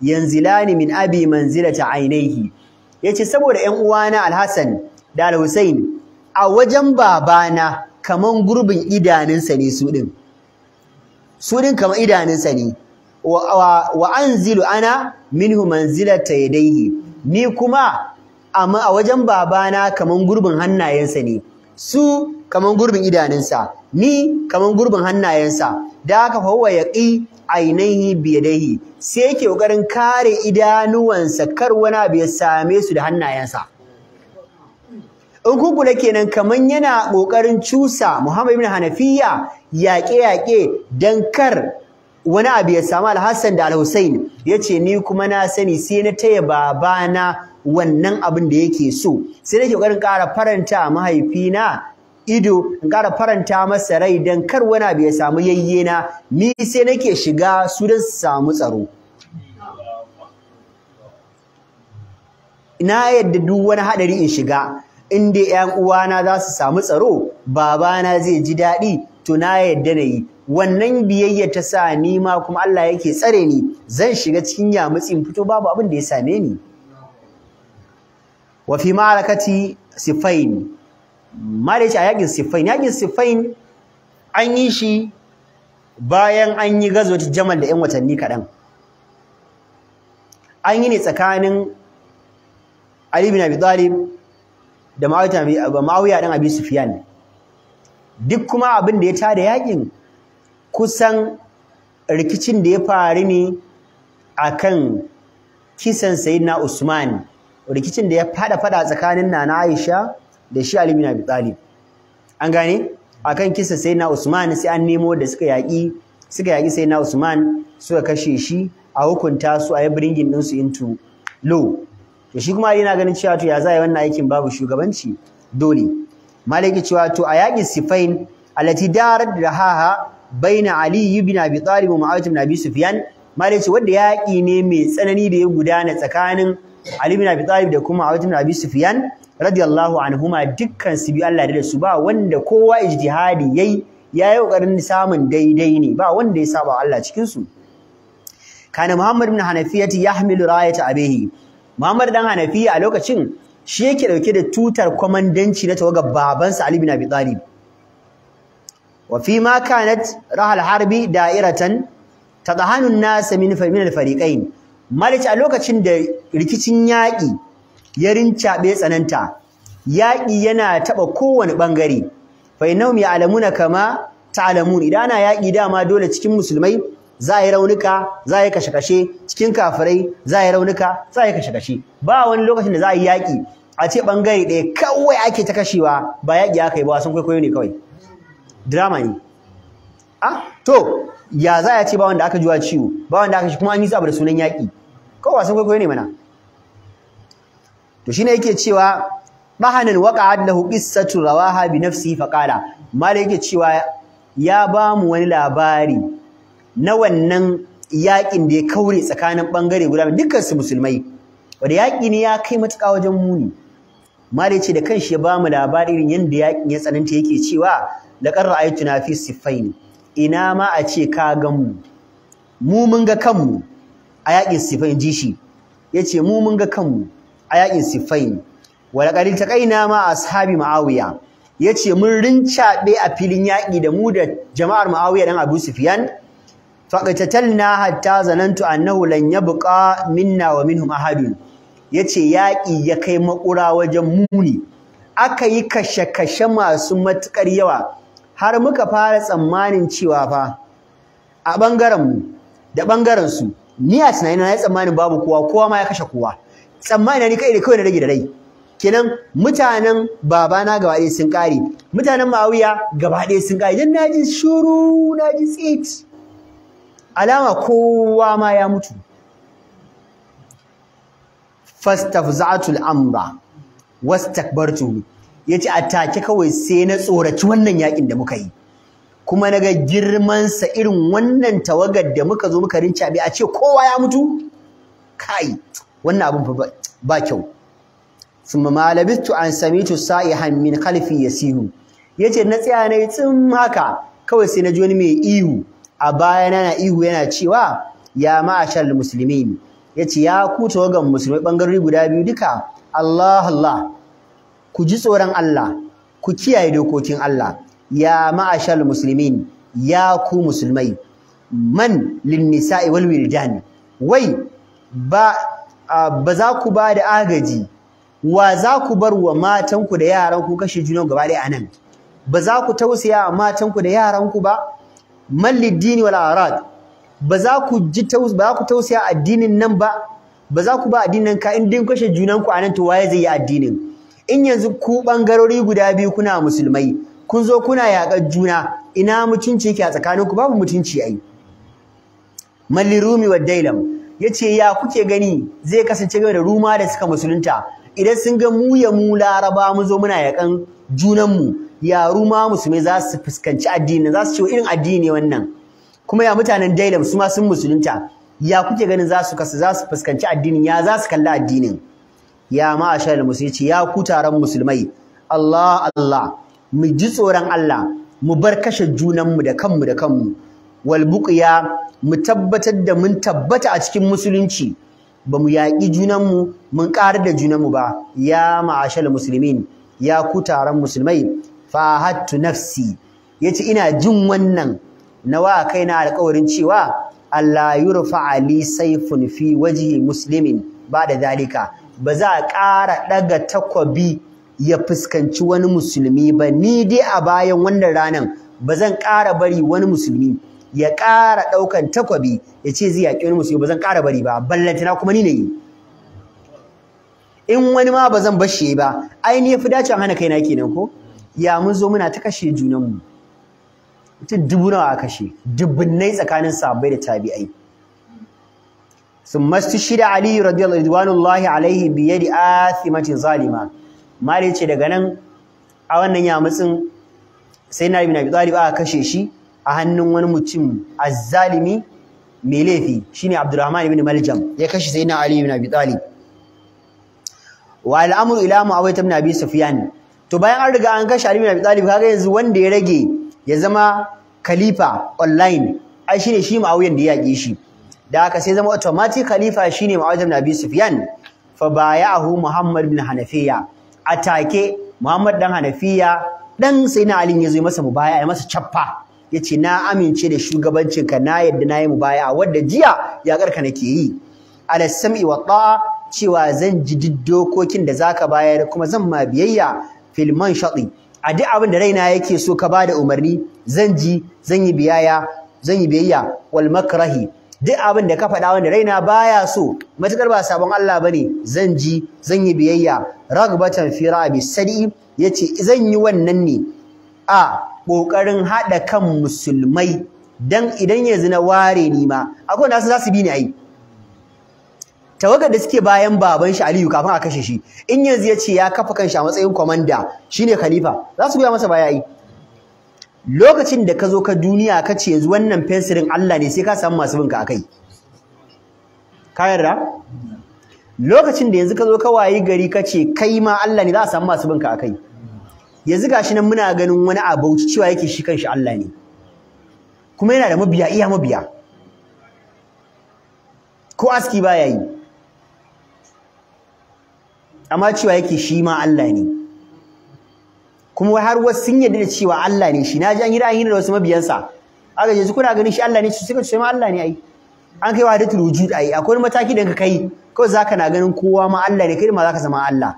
yanzilani min abi manzilata ainihi yace saboda 'yan uwana al da al a wajen babana kaman gurbin idanunsa ne su din su din kaman idanunsa ne wa anzilu ana minhu manzilata yadayhi ni kuma a wajen babana kaman gurbin hannayensa ne su kamar gurbin idanunsa ni kamar gurbin hannayensa da haka fa ya ƙi ainihi biyadaihi sai yake ƙoƙarin kare idanuwansa kar wani abu same su da hannayensa in ku kenan kaman yana ƙoƙarin cusa Muhammad ibn Hanafiya yaƙe-yaƙe dan kar wani abu ya samu alhassan da alhussain ya yace ni kuma na sani sai na taya babana wannan abin da yake so sai nake kokarin ƙara faranta mahaifina ido in ƙara faranta masa rai dan kar wani abu ya samu yayyena ni sai nake shiga su don su samu tsaro Ina yadda duk wani haɗari in shiga in dai ƴan uwana za su samu tsaro babana zai ji daɗi to na yadda na yi wannan biyayya ta sa ni ma kuma Allah yake tsare ni zan shiga cikin yamutsi fito babu abin da ya same ni wa fi ma'arakati sifain malaci a yakin sifain yakin sifain an yi shi bayan an yi gazwata jamal da yan watanni kaɗan an yi ne tsakanin Ali bin Abi da Muawiya dan Abi duk kuma abin da ya tada yakin kusan rikicin da ya faru ne akan kisan Sayyidina Usman rikicin da ya fada fada tsakanin Nana Aisha da shi Ali bin Abi Talib an gane akan kisa sai Usman sai an nemo da suka yaki suka yaki sai Usman suka kashe shi a hukunta su a yi din su into law to shi kuma yana ganin cewa to ya za wannan aikin babu shugabanci dole malaki cewa to a yaki sifain alati darar da baina Ali ibn Abi Talib wa Muawiyah ibn Abi Sufyan malaki wanda yaki ne mai tsanani da ya gudana tsakanin Ali bin Abi Talib da kuma Abu Abi Sufyan radiyallahu anhuma dukkan su bi Allah da su ba wanda kowa ijtihadi yayi yayi kokarin samun daidai ne ba wanda ya saba Allah cikin su kana Muhammad bin Hanafiyati yahmilu ra'ayata abeehi Muhammad dan Hanafiya a lokacin shi yake dauke da tutar komandanci na tawagar babansa Ali bin Abi Talib wa fi ma kanat rahal harbi da'iratan tadhahanu an-nas min al-fariqain Malik a lokacin da rikicin yaƙi ya rincabe tsananta yaƙi yana taɓa kowane ɓangare fa innahum ya'lamuna kama ta'lamun idan ana yaƙi dama dole cikin musulmai za a yi raunuka za a yi kashe-kashe cikin kafirai za a yi raunuka za a yi kashe-kashe ba wani lokacin da za a yi yaƙi a ce ɓangare ɗaya kawai ake ta kashewa ba yaƙi aka yi ba wasan kwaikwayo ne kawai drama ne ah to ya za ya ce ba wanda aka juwa ciwo ba wanda aka shi kuma an yi abu da sunan yaƙi kawai wasan kwaikwayo ne mana to shine yake cewa bahanan waka lahu qissatu rawaha bi nafsihi faqala mala yake cewa ya ba mu wani labari na wannan yaƙin da ya kaure tsakanin bangare guda dukkan su musulmai wanda yaƙi ne ya kai matuƙa wajen muni mala yace da kanshi ya ba mu labarin yanda yaƙin ya tsananta yake cewa laqad ra'aytuna fi siffaini ina ma a ce ka gan mu mu mun ga kanmu a yaƙin sifain ji shi ya ce mu mun ga kanmu a yaƙin sifai wala ƙari ta ƙaina ma a sahabi ma'awuya ya ce mun rincaɓe a filin yaƙi da mu da jama'ar ma'awuya ɗan abu sufiyan na hatta zanantu annahu lan yabqa minna wa minhum ahadun yace yaƙi ya kai maƙura wajen muni aka yi kashe-kashe masu matuƙar yawa har muka fara tsammanin cewa fa a ɓangaren mu da ɓangaren su ni a tunanina na yi tsammanin babu kowa kowa ma ya kashe kowa tsammanina ni kai da kawai na rage da rai kenan mutanen babana gaba ɗaya sun ƙare mutanen ma'awiya gaba ɗaya sun ƙare dan naji shuru naji tsit alama kowa ma ya mutu fastafza'atul amra wastakbartuhu ya ce a take kawai sai na tsoraci wannan yakin da muka yi kuma na ga girmansa irin wannan tawagar da muka zo muka rinca abi a ce kowa ya mutu kai wannan abin fa ba kyau summa ma an samitu sa'ihan min khalfi yasiru yace na tsaya ne tsin haka kawai sai na ji wani mai ihu a baya na ihu yana cewa ya ma'ashar muslimin yace ya ku tawagan musulmai bangarori guda biyu duka Allah Allah ku ji tsoron Allah ku kiyaye dokokin Allah ya ma'ashal muslimin ya ku musulmai man linnisa nisa'i wal wildan wai ba ba za ku ba da agaji wa za ku bar wa matanku da yaranku kashe juna gaba da anan ba za ku tausaya wa matanku da yaranku ba man liddini wal arad ba za ku ji ba za ku tausaya addinin nan ba ba za ku ba addinin ka in din kashe junanku anan to waye zai yi addinin in yanzu ku bangarori guda biyu kuna musulmai kun zo kuna yaƙar juna ina mutunci yake a tsakaninku babu mutunci ai Malirumi wa Dailam ce, ya kuke gani zai kasance game da ruma da suka musulunta idan sun ga mu ya mu laraba mu zo muna yaƙan junan mu ya ruma musulmai za su fuskanci addini za su ce irin addini ne wannan kuma ya mutanen Dailam su ma sun musulunta ya kuke ganin za su kasu za su fuskanci addini, ya za su kalla addinin ya ma'ashar musulmi ya ku musulmai Allah Allah mu ji tsoron Allah mu bar kashe junanmu da kanmu da kanmu wal buqiya mu tabbatar da mun tabbata a cikin musulunci ba mu yaƙi junanmu mun ƙara da junanmu ba ya ma'ashal musulmin ya ku taron musulmai fahattu nafsi yace ina jin wannan nawa kaina alƙawarin cewa Allah yurfa ali saifun fi waji muslimin ba da dalika ba za a ƙara ɗaga takwabi ya fuskanci wani musulmi ba ni dai a bayan wannan ranan ba zan ƙara bari wani musulmi ya ƙara ɗaukan takwabi ya ce zai yaƙi wani musulmi ba zan ƙara bari ba ballantana kuma ni na yi in wani ma ba zan shi ba ai ni yafi dacewa hana kaina kenan ko ya mun zo muna ta kashe junanmu mutum dubu nawa a kashe dubunnai tsakanin sahabbai da tabi'ai ثم استشهد علي رضي الله alaihi biyar athimatin zalima mali ce daga nan a wannan ya mutsin, sai na ibn abi talib aka kashe shi a hannun wani mutum azzalimi mai laifi shine abdurrahman ibn maljam ya kashe sai na ali ibn abi talib wa al'amru ila muawiyah ibn abi sufyan to bayan an riga an kashe ali ibn abi talib kaga yanzu wanda ya rage ya zama khalifa online ai shine shi muawiyah da ya yake shi da ka sai zama automatic khalifa shine Muawiya ibn Abi Sufyan fa baya'ahu Muhammad bin Hanafiya atake Muhammad dan Hanafiya dan Sayyidina Ali ya zo masa ya masa chaffa yace na amince da shugabancinka na yadda na yi a wanda jiya ya karka nake yi ala sam'i wa cewa zan ji dokokin da zaka bayar kuma zan ma biyayya fil manshati a duk abin da raina yake so ka ba da umarni zan ji zan yi biyayya zan wal makrahi duk abin da ka faɗa wanda raina baya so matukar ba sabon Allah bane zan ji zan yi biyayya ragbatan fi rabi sadi yace zan yi wannan ne a kokarin hada kan musulmai dan idan yanzu na ware ni ma akwai nasu zasu bi ni ai tawagar da suke bayan baban shi Aliyu kafin a kashe shi in yanzu yace ya kafa kanshi a matsayin commander shine khalifa za su goya masa baya ai lokacin da ka zo ka duniya ka ce wannan fensirin Allah ne sai ka samu masu binka kai, ka yarda lokacin da yanzu ka zo ka wayi gari ka ce kai ma Allah ne za a samu masu binka kai. yanzu gashi nan muna ganin wani abu cewa yake shi kanshi Allah ne kuma yana da mabiya iya mabiya ko aski baya yi amma cewa yake shi ma Allah ne kuma har wasu sun yarda da cewa Allah ne shi na ji an yi ra'ayi hira da wasu mabiyansa aka je kuna ganin shi Allah ne shi suka ce ma Allah ne ai an kai wa da turuju ai akwai mataki da ka kai kawai zaka na ganin kowa ma Allah ne kai ma zaka zama Allah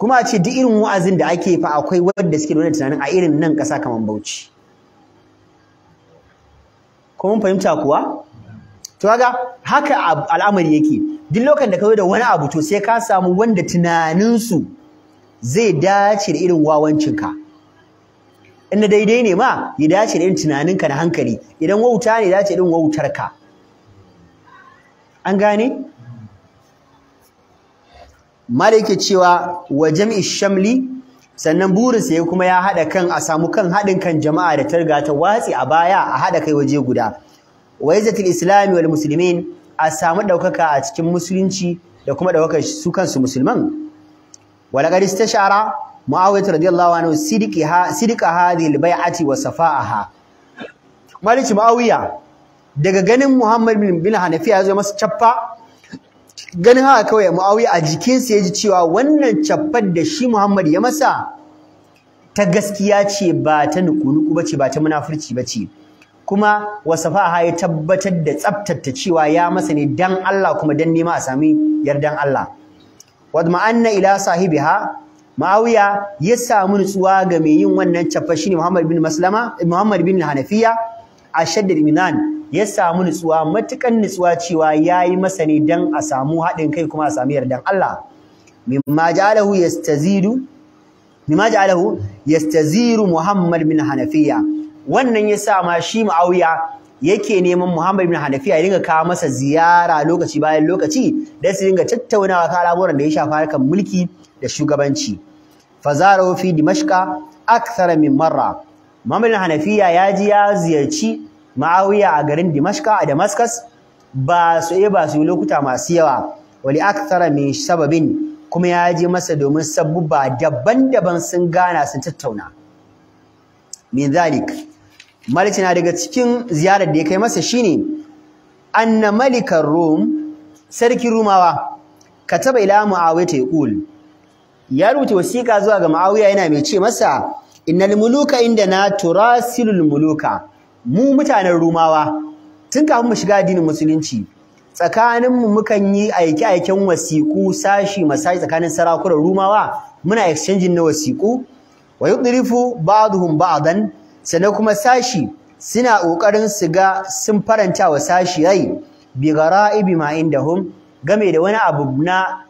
kuma a ce duk irin wa'azin da ake fa akwai wanda suke da tunanin a irin nan kasa kamar Bauchi ko mun fahimta kuwa to kaga haka al'amari yake duk lokacin da ka zo da wani abu to sai ka samu wanda tunanin su zai dace da irin wawancinka in na daidai ne ma ya dace da irin tunaninka na hankali idan wauta ne dace da irin wautarka an gane mala cewa wa jami'i shamli sannan burinsa ya kuma ya haɗa kan a samu kan haɗin kan jama'a da targa ta watsi a baya a haɗa kai waje guda wa izzatul islami wal muslimin a samu ɗaukaka a cikin musulunci da kuma ɗaukar su kansu musulman ولقد استشعر معاوية رضي الله عنه صدقها صدق هذه البيعة وصفاءها مالك معاوية daga ganin Muhammad bin bin Hanafiya ya zo masa cappa ganin haka kawai Muawiya a jikinsa ya ji cewa wannan cappar da shi Muhammad ya masa ta gaskiya ce ba ta nuku bace ba ta munafurci bace kuma wasafaha ya tabbatar da tsaftace cewa ya masa ne dan Allah kuma dan nema a sami yardan Allah wadma anna ila sahibiha Ma'awiya ya samu nutsuwa ga mai yin wannan cafa shine Muhammad bin Maslama Muhammad bin Hanafiya a shaddad minan ya samu nutsuwa matukan nutsuwa cewa yayi masa ne dan a samu haɗin kai kuma a samu yardan Allah mimma ja'alahu yastazidu mimma ja'alahu yastaziru Muhammad bin Hanafiya wannan ya sa ma shi Ma'awiya yake neman Muhammad bin Hanafiya ya dinga kawo masa ziyara lokaci bayan lokaci dan su dinga tattaunawa kan al'amuran da ya shafa harkar mulki da shugabanci fazarahu fi dimashqa akthara min marra Muhammad bin Hanafiya ya ji ya ziyarci Muawiya a garin Dimashqa a Damascus ba su yi eh, ba su lokuta masu yawa wali akthara min sababin kuma ya ji masa domin sabubba daban-daban sun gana sun tattauna min zalik Malici na daga cikin ziyarar da ya kai masa shine anna malikar rum sarki rumawa kataba ila muawiyah yaqul ya rubuta wasiƙa zuwa ga ma'auya yana mai ce masa innal muluka indana turasilul muluka mu mutanen rumawa tun kafin mu shiga addinin musulunci tsakanin mu mukan yi aiki aiken wasiƙu sashi masai tsakanin sarakunan rumawa muna exchanging na wasiƙu wa yudrifu ba'dhum ba'dan sannan kuma sashi suna ƙoƙarin su ga sun faranta wa sashi rai bi gara'ibi ma indahum game da wani abu na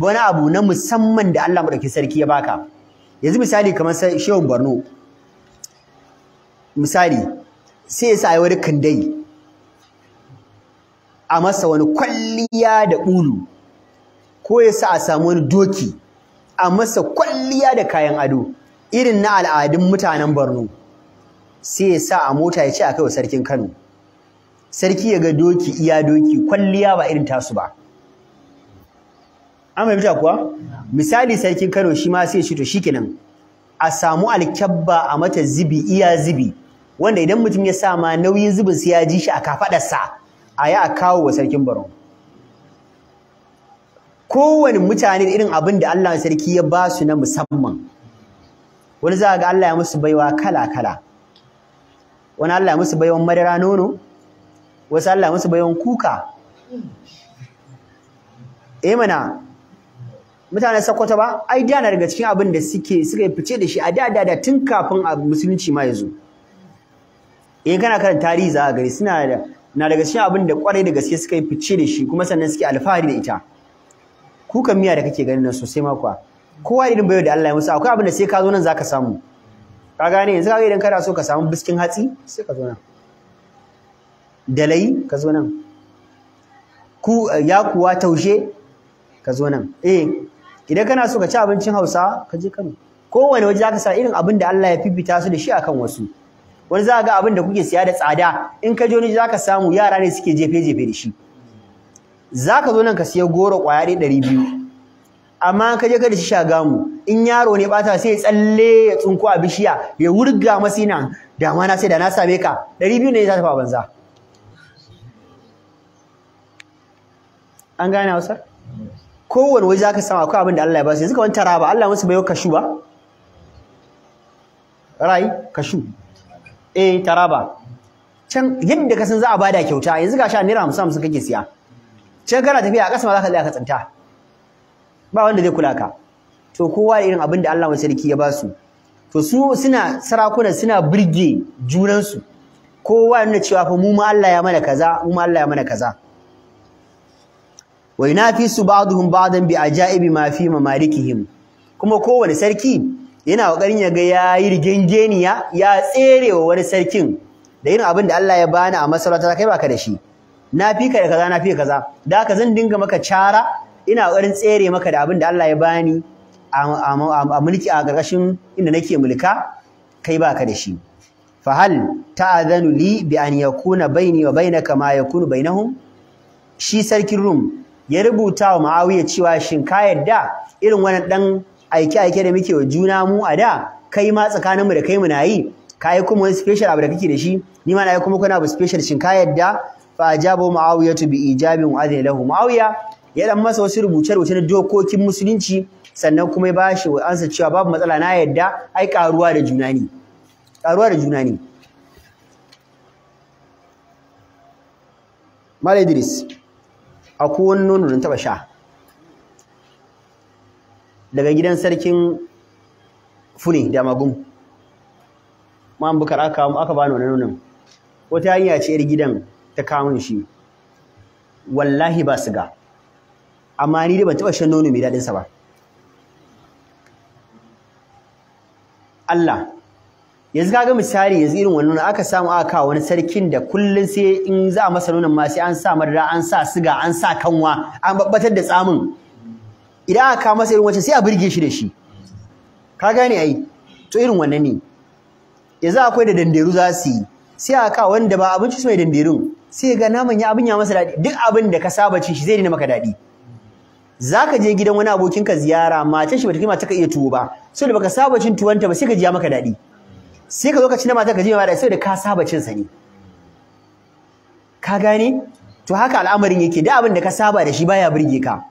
wani abu na musamman da Allah madaukakin sarki ya baka yanzu misali kamar shehun Borno misali sai ya sa ai wani kandai a masa wani kwalliya da ulu ko ya sa a samu wani doki a masa kwalliya da kayan ado irin na al'adun mutanen Borno sai ya sa a mota ya ce a kai wa sarkin Kano sarki ya ga doki iya doki kwalliya ba irin tasu ba an fahimta kuwa misali sarkin Kano shi ma sai shi to shikenan a samu alkyabba a mata zibi iya zibi wanda idan mutum ya sa ma nauyin zubin sai ya ji shi a kafadarsa a yi a kawo wa sarkin Borno kowane mutane irin abin da Allah sarki ya ba su na musamman wani za a ga Allah ya musu baiwa kala kala wani Allah musu baiwan madara nono wasu Allah musu baiwan kuka eh mana mutanen Sokoto ba ai da na daga cikin abin da suke suka fice da shi a da da tun kafin musulunci ma ya zo eh kana karin tarihi za a gari suna da na daga cikin abin da kwarai da gaske suka fice da shi kuma sannan suke alfahari da ita kukan miya da kake ganin nan sosai ma kuwa kowa irin bayo da Allah ya musu akwai abin da sai ka zo nan zaka samu ka gane yanzu ga idan kana so ka samu biskin hatsi sai ka zo nan dalai ka zo nan ku ya kuwa taushe ka zo nan eh idan kana so ka ci abincin Hausa ka je Kano kowane waje zaka sa irin abin da Allah ya fifita su da shi akan wasu wani za ga abin da kuke siya da tsada in ka je wani za ka samu yara ne suke jefe-jefe da shi za zo nan ka siya goro kwaya ɗaya ɗari biyu amma ka je ka da shi shagamu in yaro ne bata sai ya tsalle ya tsunku a bishiya ya wurga masu yana da ma na sai da na same ka ɗari biyu ne ya tafa banza an gane hausar kowane waje zaka sama akwai abin da Allah ya ba su yanzu ka wani taraba Allah musu bayo kashu ba rai kashu eh taraba can yadda ka san za a bada kyauta yanzu ga sha naira hamsin-hamsin 50 kake siya can kana tafiya a ƙasa ma za ka tsaya ka tsinta ba wanda zai kula ka to kowa irin abin da Allah sarki ya ba su to su suna sarakuna suna burge junansu kowa nuna cewa fa mu ma Allah ya mana kaza mu ma Allah ya mana kaza wa yunafisu ba'dhum ba'dan bi ajaibi ma fi mamalikihim kuma kowane sarki yana kokarin ya ga yayi rigengeniya ya tserewa wani sarkin da irin abin da Allah ya bani a masarauta kai baka da shi na fi ka da kaza na fi kaza da haka zan dinga maka cara ina kokarin tsere maka da abin da Allah ya bani a mulki a ƙarƙashin inda nake mulka kai baka da shi fa hal ta'adhanu li bi an yakuna baini wa bainaka ma yakunu bainahum shi sarkin Rum ya rubuta wa Muawiya cewa shin ka yadda irin wannan dan aike aike da muke wa juna mu a da kai ma tsakaninmu da kai mu na yi ka yi kuma wani special abu da kake da shi ni ma na yi kuma kuna abu special shin ka yadda fa ajabu Muawiya bi ijabin wa adhina lahu Muawiya ya dan masa wasu rubuce-rubuce na dokokin musulunci sannan kuma ya bashi ansa cewa babu matsala na yadda ai karuwa da juna ne karuwa da juna ne Mala Idris akwai wani nono da taba sha daga gidan sarkin Fune da Magum Ma'am Bukar aka aka bani wannan nonon wata hanya ce yar gidan ta kawo shi wallahi ba su ga amma ni da ban taba shan nono mai daɗinsa ba Allah yanzu kaga misali yanzu irin wannan aka samu aka kawo wani sarkin da kullun sai in za a masa nunan ma sai an sa madara an sa siga an sa kanwa an babbatar da tsamin idan aka kawo masa irin wancan sai a burge shi da shi ka gane ai to irin wannan ne yanzu akwai da danderu za su yi sai aka kawo wanda ba abinci su mai danderun sai ga naman ya abin ya masa daɗi duk abin da ka saba ci shi zai dina maka daɗi zaka je gidan wani abokinka ziyara matar shi bata kai mata ka iya tuwo ba sai baka saba cin ta ba sai ka ji maka daɗi sai ka zo ka ci na mata ka ji dadi sai saboda ka saba cin sa ne ka gane to haka al'amarin yake da abin da ka saba da shi baya burge ka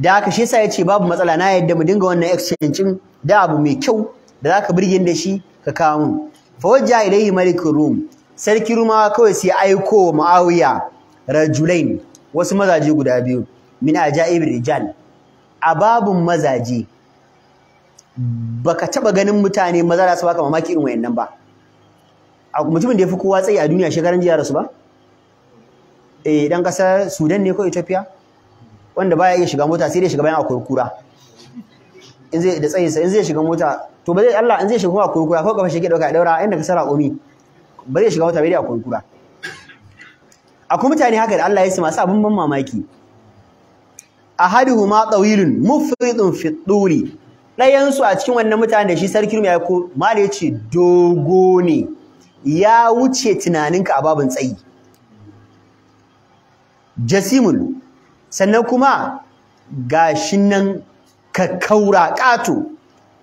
da haka shi yasa yace babu matsala na yadda mu dinga wannan exchange da abu mai kyau da zaka burge da shi ka kawo mun fa wajja ilaihi malikur rum sarki rumawa kawai sai aiko wa muawiya rajulain wasu mazaje guda biyu min ajaib rijal a babun mazaje baka taba ganin mutane maza da su baka mamaki irin wayannan ba mutumin da ya fi kowa tsayi a duniya shekaran jiya rasu ba eh dan kasar Sudan ne ko Ethiopia wanda baya iya shiga mota sai dai shiga bayan akwai kura in zai da tsayinsa in zai shiga mota to ba zai Allah in zai shiga akwai kura ko kafa shi ke dauka daura inda sara Omi ba zai shiga mota bai dai akwai kura akwai mutane haka da Allah ya yi su masu ban mamaki ahaduhuma tawilun mufridun fi tuli dayan su a cikin wannan mutanen da shi sarkin mai ko mali yace dogo ne ya wuce tunaninka a babin tsayi jasimul sannan kuma gashin nan ka kaura qatu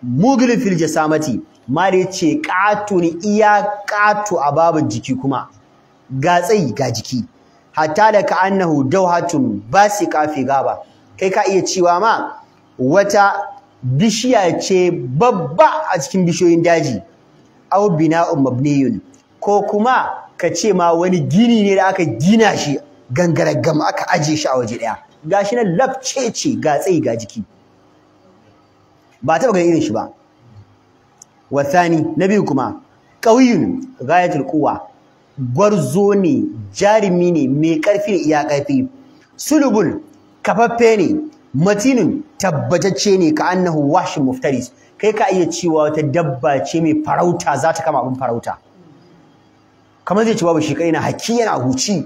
mugil fil jasamati mali yace qatu ne iya qatu a babin jiki kuma ga tsayi ga jiki hatta da ka annahu dawhatun basiqa fi gaba kai ka iya cewa ma wata bishiya ce babba a cikin bishiyoyin daji aw bina'un mabniyun ko kuma ka ce ma wani gini ne da aka gina shi gangaragam aka aje shi a waje daya gashi na lafce ce ga tsayi ga jiki ba taɓa ganin irin shi ba wasani na biyu kuma ƙauyin ghayatul quwa gwarzo ne jarumi ne mai ƙarfi iya ƙarfi sulubul kafaffe ne matinin tabbatacce ne ka annahu washin muftaris kai ka iya cewa wata dabba ce mai farauta za ta kama abin farauta kamar zai ci babu shi kaina haki yana huci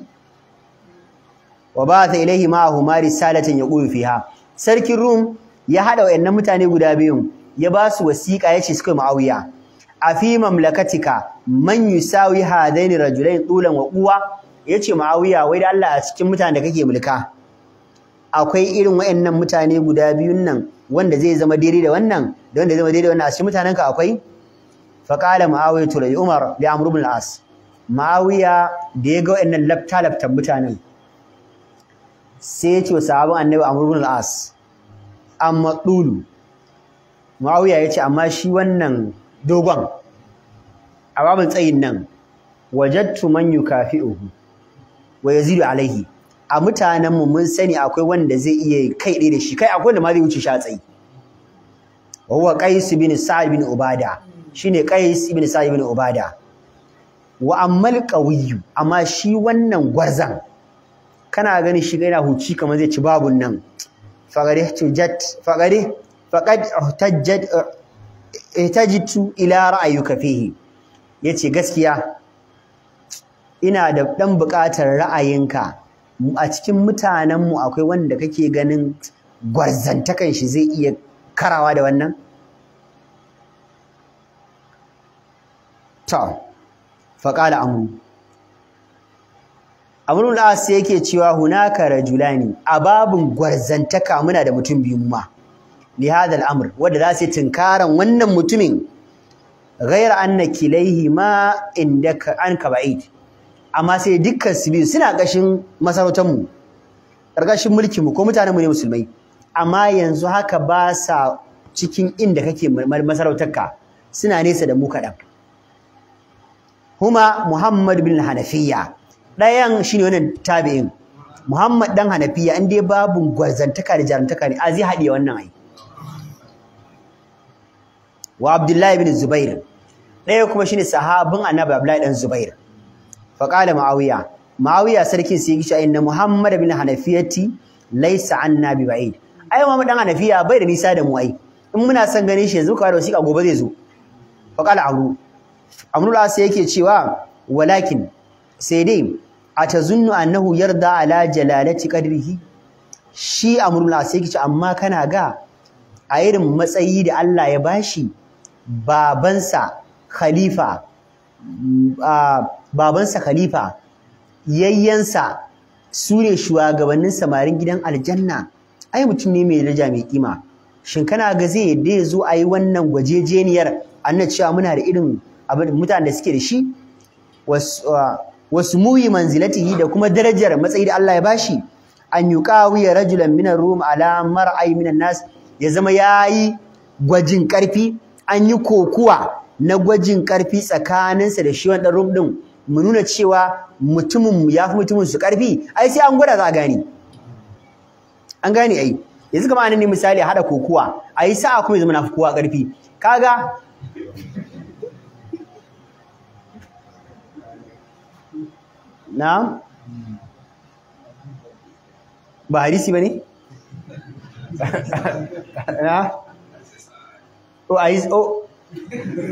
wa ba ta ma'ahu ma ya yaqulu fiha sarkin rum ya haɗa wa 'yannan mutane guda biyun ya ba su wasiƙa ya yace su kai muawiya a fi mamlakatika man yusawi hadaini rajulain tsulan wa ya ce muawiya wai da Allah a cikin mutanen da kake mulka akwai irin wa'annan mutane guda biyun nan wanda zai zama daidai da wannan da wanda zai zama daidai da wannan a cikin mutanen ka akwai fa qala to li umar da amr ibn al-as muawiya da ya ga wa'annan lafta laftan mutanen sai ya ce wa sahabban annabi amr ibn al-as amma dulu muawiya ya ce amma shi wannan dogon a babin tsayin nan wajadtu man yukafi'uhu wa yazidu alaihi a mutanenmu mun sani akwai wanda zai iya kai ɗaya da shi kai akwai wanda ma zai wuce shi wa qais bin sa'id bin ubada shine qais bin sa'id bin ubada wa ammal qawiy amma shi wannan gwarzan kana ganin shi yana huci kamar zai ci babun nan faqari tujat faqari faqad ihtajjat ihtajitu ila ra'ayuka fihi yace gaskiya ina da dan buƙatar ra'ayinka a cikin mutanenmu akwai wanda kake ganin gwarzantakan shi zai iya karawa da wannan? To, faƙala amru. Amru al'as yake cewa hunaka rajulani a babin gwarzantaka muna da mutum biyu ma. Li hadal amr wanda za su yi tunkaran wannan mutumin Gaira an na kilaihi ma inda an kaba'id. amma sai dukkan su biyu suna ƙashin masarautar mu ƙarƙashin mulkin mu ko mutanen mu ne musulmai amma yanzu haka ba sa cikin inda kake masarautarka suna nesa da mu kaɗan huma Muhammad bin Hanafiya ɗayan shine wannan tabi'in Muhammad dan Hanafiya in dai babu gwarzantaka da jarumtaka ne a zai haɗe wannan ai wa Abdullahi bin Zubair ɗaya kuma shine sahabin Annabi Abdullahi dan Zubair fa qala muawiya sarkin sai ya gishi inna muhammad bin hanafiyati laysa anna bi ba'id ai muhammad dan hanafiya bai da nisa da mu ai in muna son ganin shi yanzu ka da wasiƙa gobe zai zo fa qala amru amru la yake cewa walakin sai dai atazunnu annahu yarda ala jalalati qadrihi shi amru la sai yake amma kana ga a irin matsayi da Allah ya bashi babansa khalifa babansa khalifa yayyansa su ne shugabannin samarin gidan aljanna ai mutum ne mai daraja mai kima shin kana ga zai yadda ya zo a yi wannan gwajejeniyar an cewa muna da irin abin mutanen da suke da shi wasu uh, muyi manzilatihi da kuma darajar matsayi da Allah ya bashi an yuqawiya rajulan min ar-rum ala mar'ay minan nas ya zama yayi gwajin karfi an yi kokuwa na gwajin ƙarfi tsakaninsa da shi wannan rum din mu nuna cewa mutumin ya fi mutumin su ƙarfi ai sai an gwada za a gane an gane ai yanzu kamar anan ne misali hada kokuwa ai sa'a kuma zama na fi ƙarfi kaga na ba hadisi ba ne? na? o oh,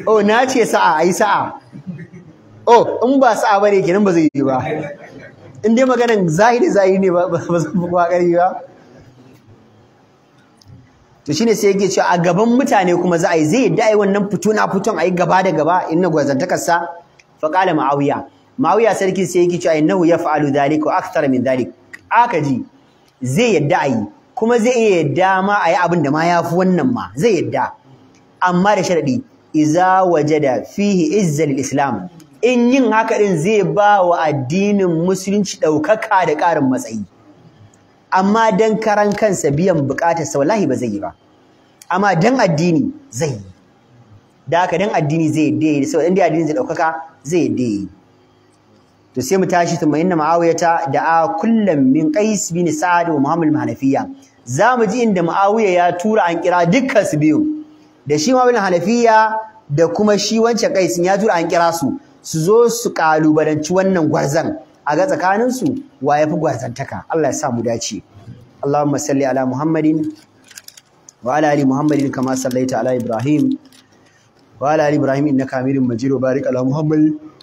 oh na ce sa'a ai sa'a oh in ba sa'a bane kenan ba zai yi ba in dai maganan zahiri zahiri ne ba ba zan fi kokari ba to shine sai yake cewa a gaban mutane kuma za a yi zai yadda ai wannan fito na fiton ai gaba da gaba inna gwazantakar sa fa qala ma'awiya ma'awiya sarki sai yake cewa innahu yaf'alu dhalika wa akthar min dhalik aka ji zai yadda ai kuma zai iya yadda ma ayi abin da ma yafi wannan ma zai yadda amma da sharadi iza wajada fihi izzal islam in yin haka din zai ba wa addinin musulunci ɗaukaka da karin matsayi amma dan karan kansa biyan buƙatar sa wallahi ba zai yi ba amma dan addini zai yi da haka dan addini zai yi saboda dan addini zai daukaka zai yi to sai mu tashi tuma inna ma'awiyata a kullum min qais bin sa'ad wa muhammad al-hanafiya zamu ji inda ma'awiya ya tura an kira dukkan su biyu da shi Imam Hanafiya da kuma shi wancan sun ya tura an kira su su zo su kalubalanci wannan gwarzan a ga tsakaninsu wa ya fi gwarzantaka Allah ya sa mu dace Allahumma salli ala Muhammadin wa ala ali Muhammadin kama sallaita ala Ibrahim wa ala ali Ibrahim innaka Hamidum Majid wa barik ala Muhammadin.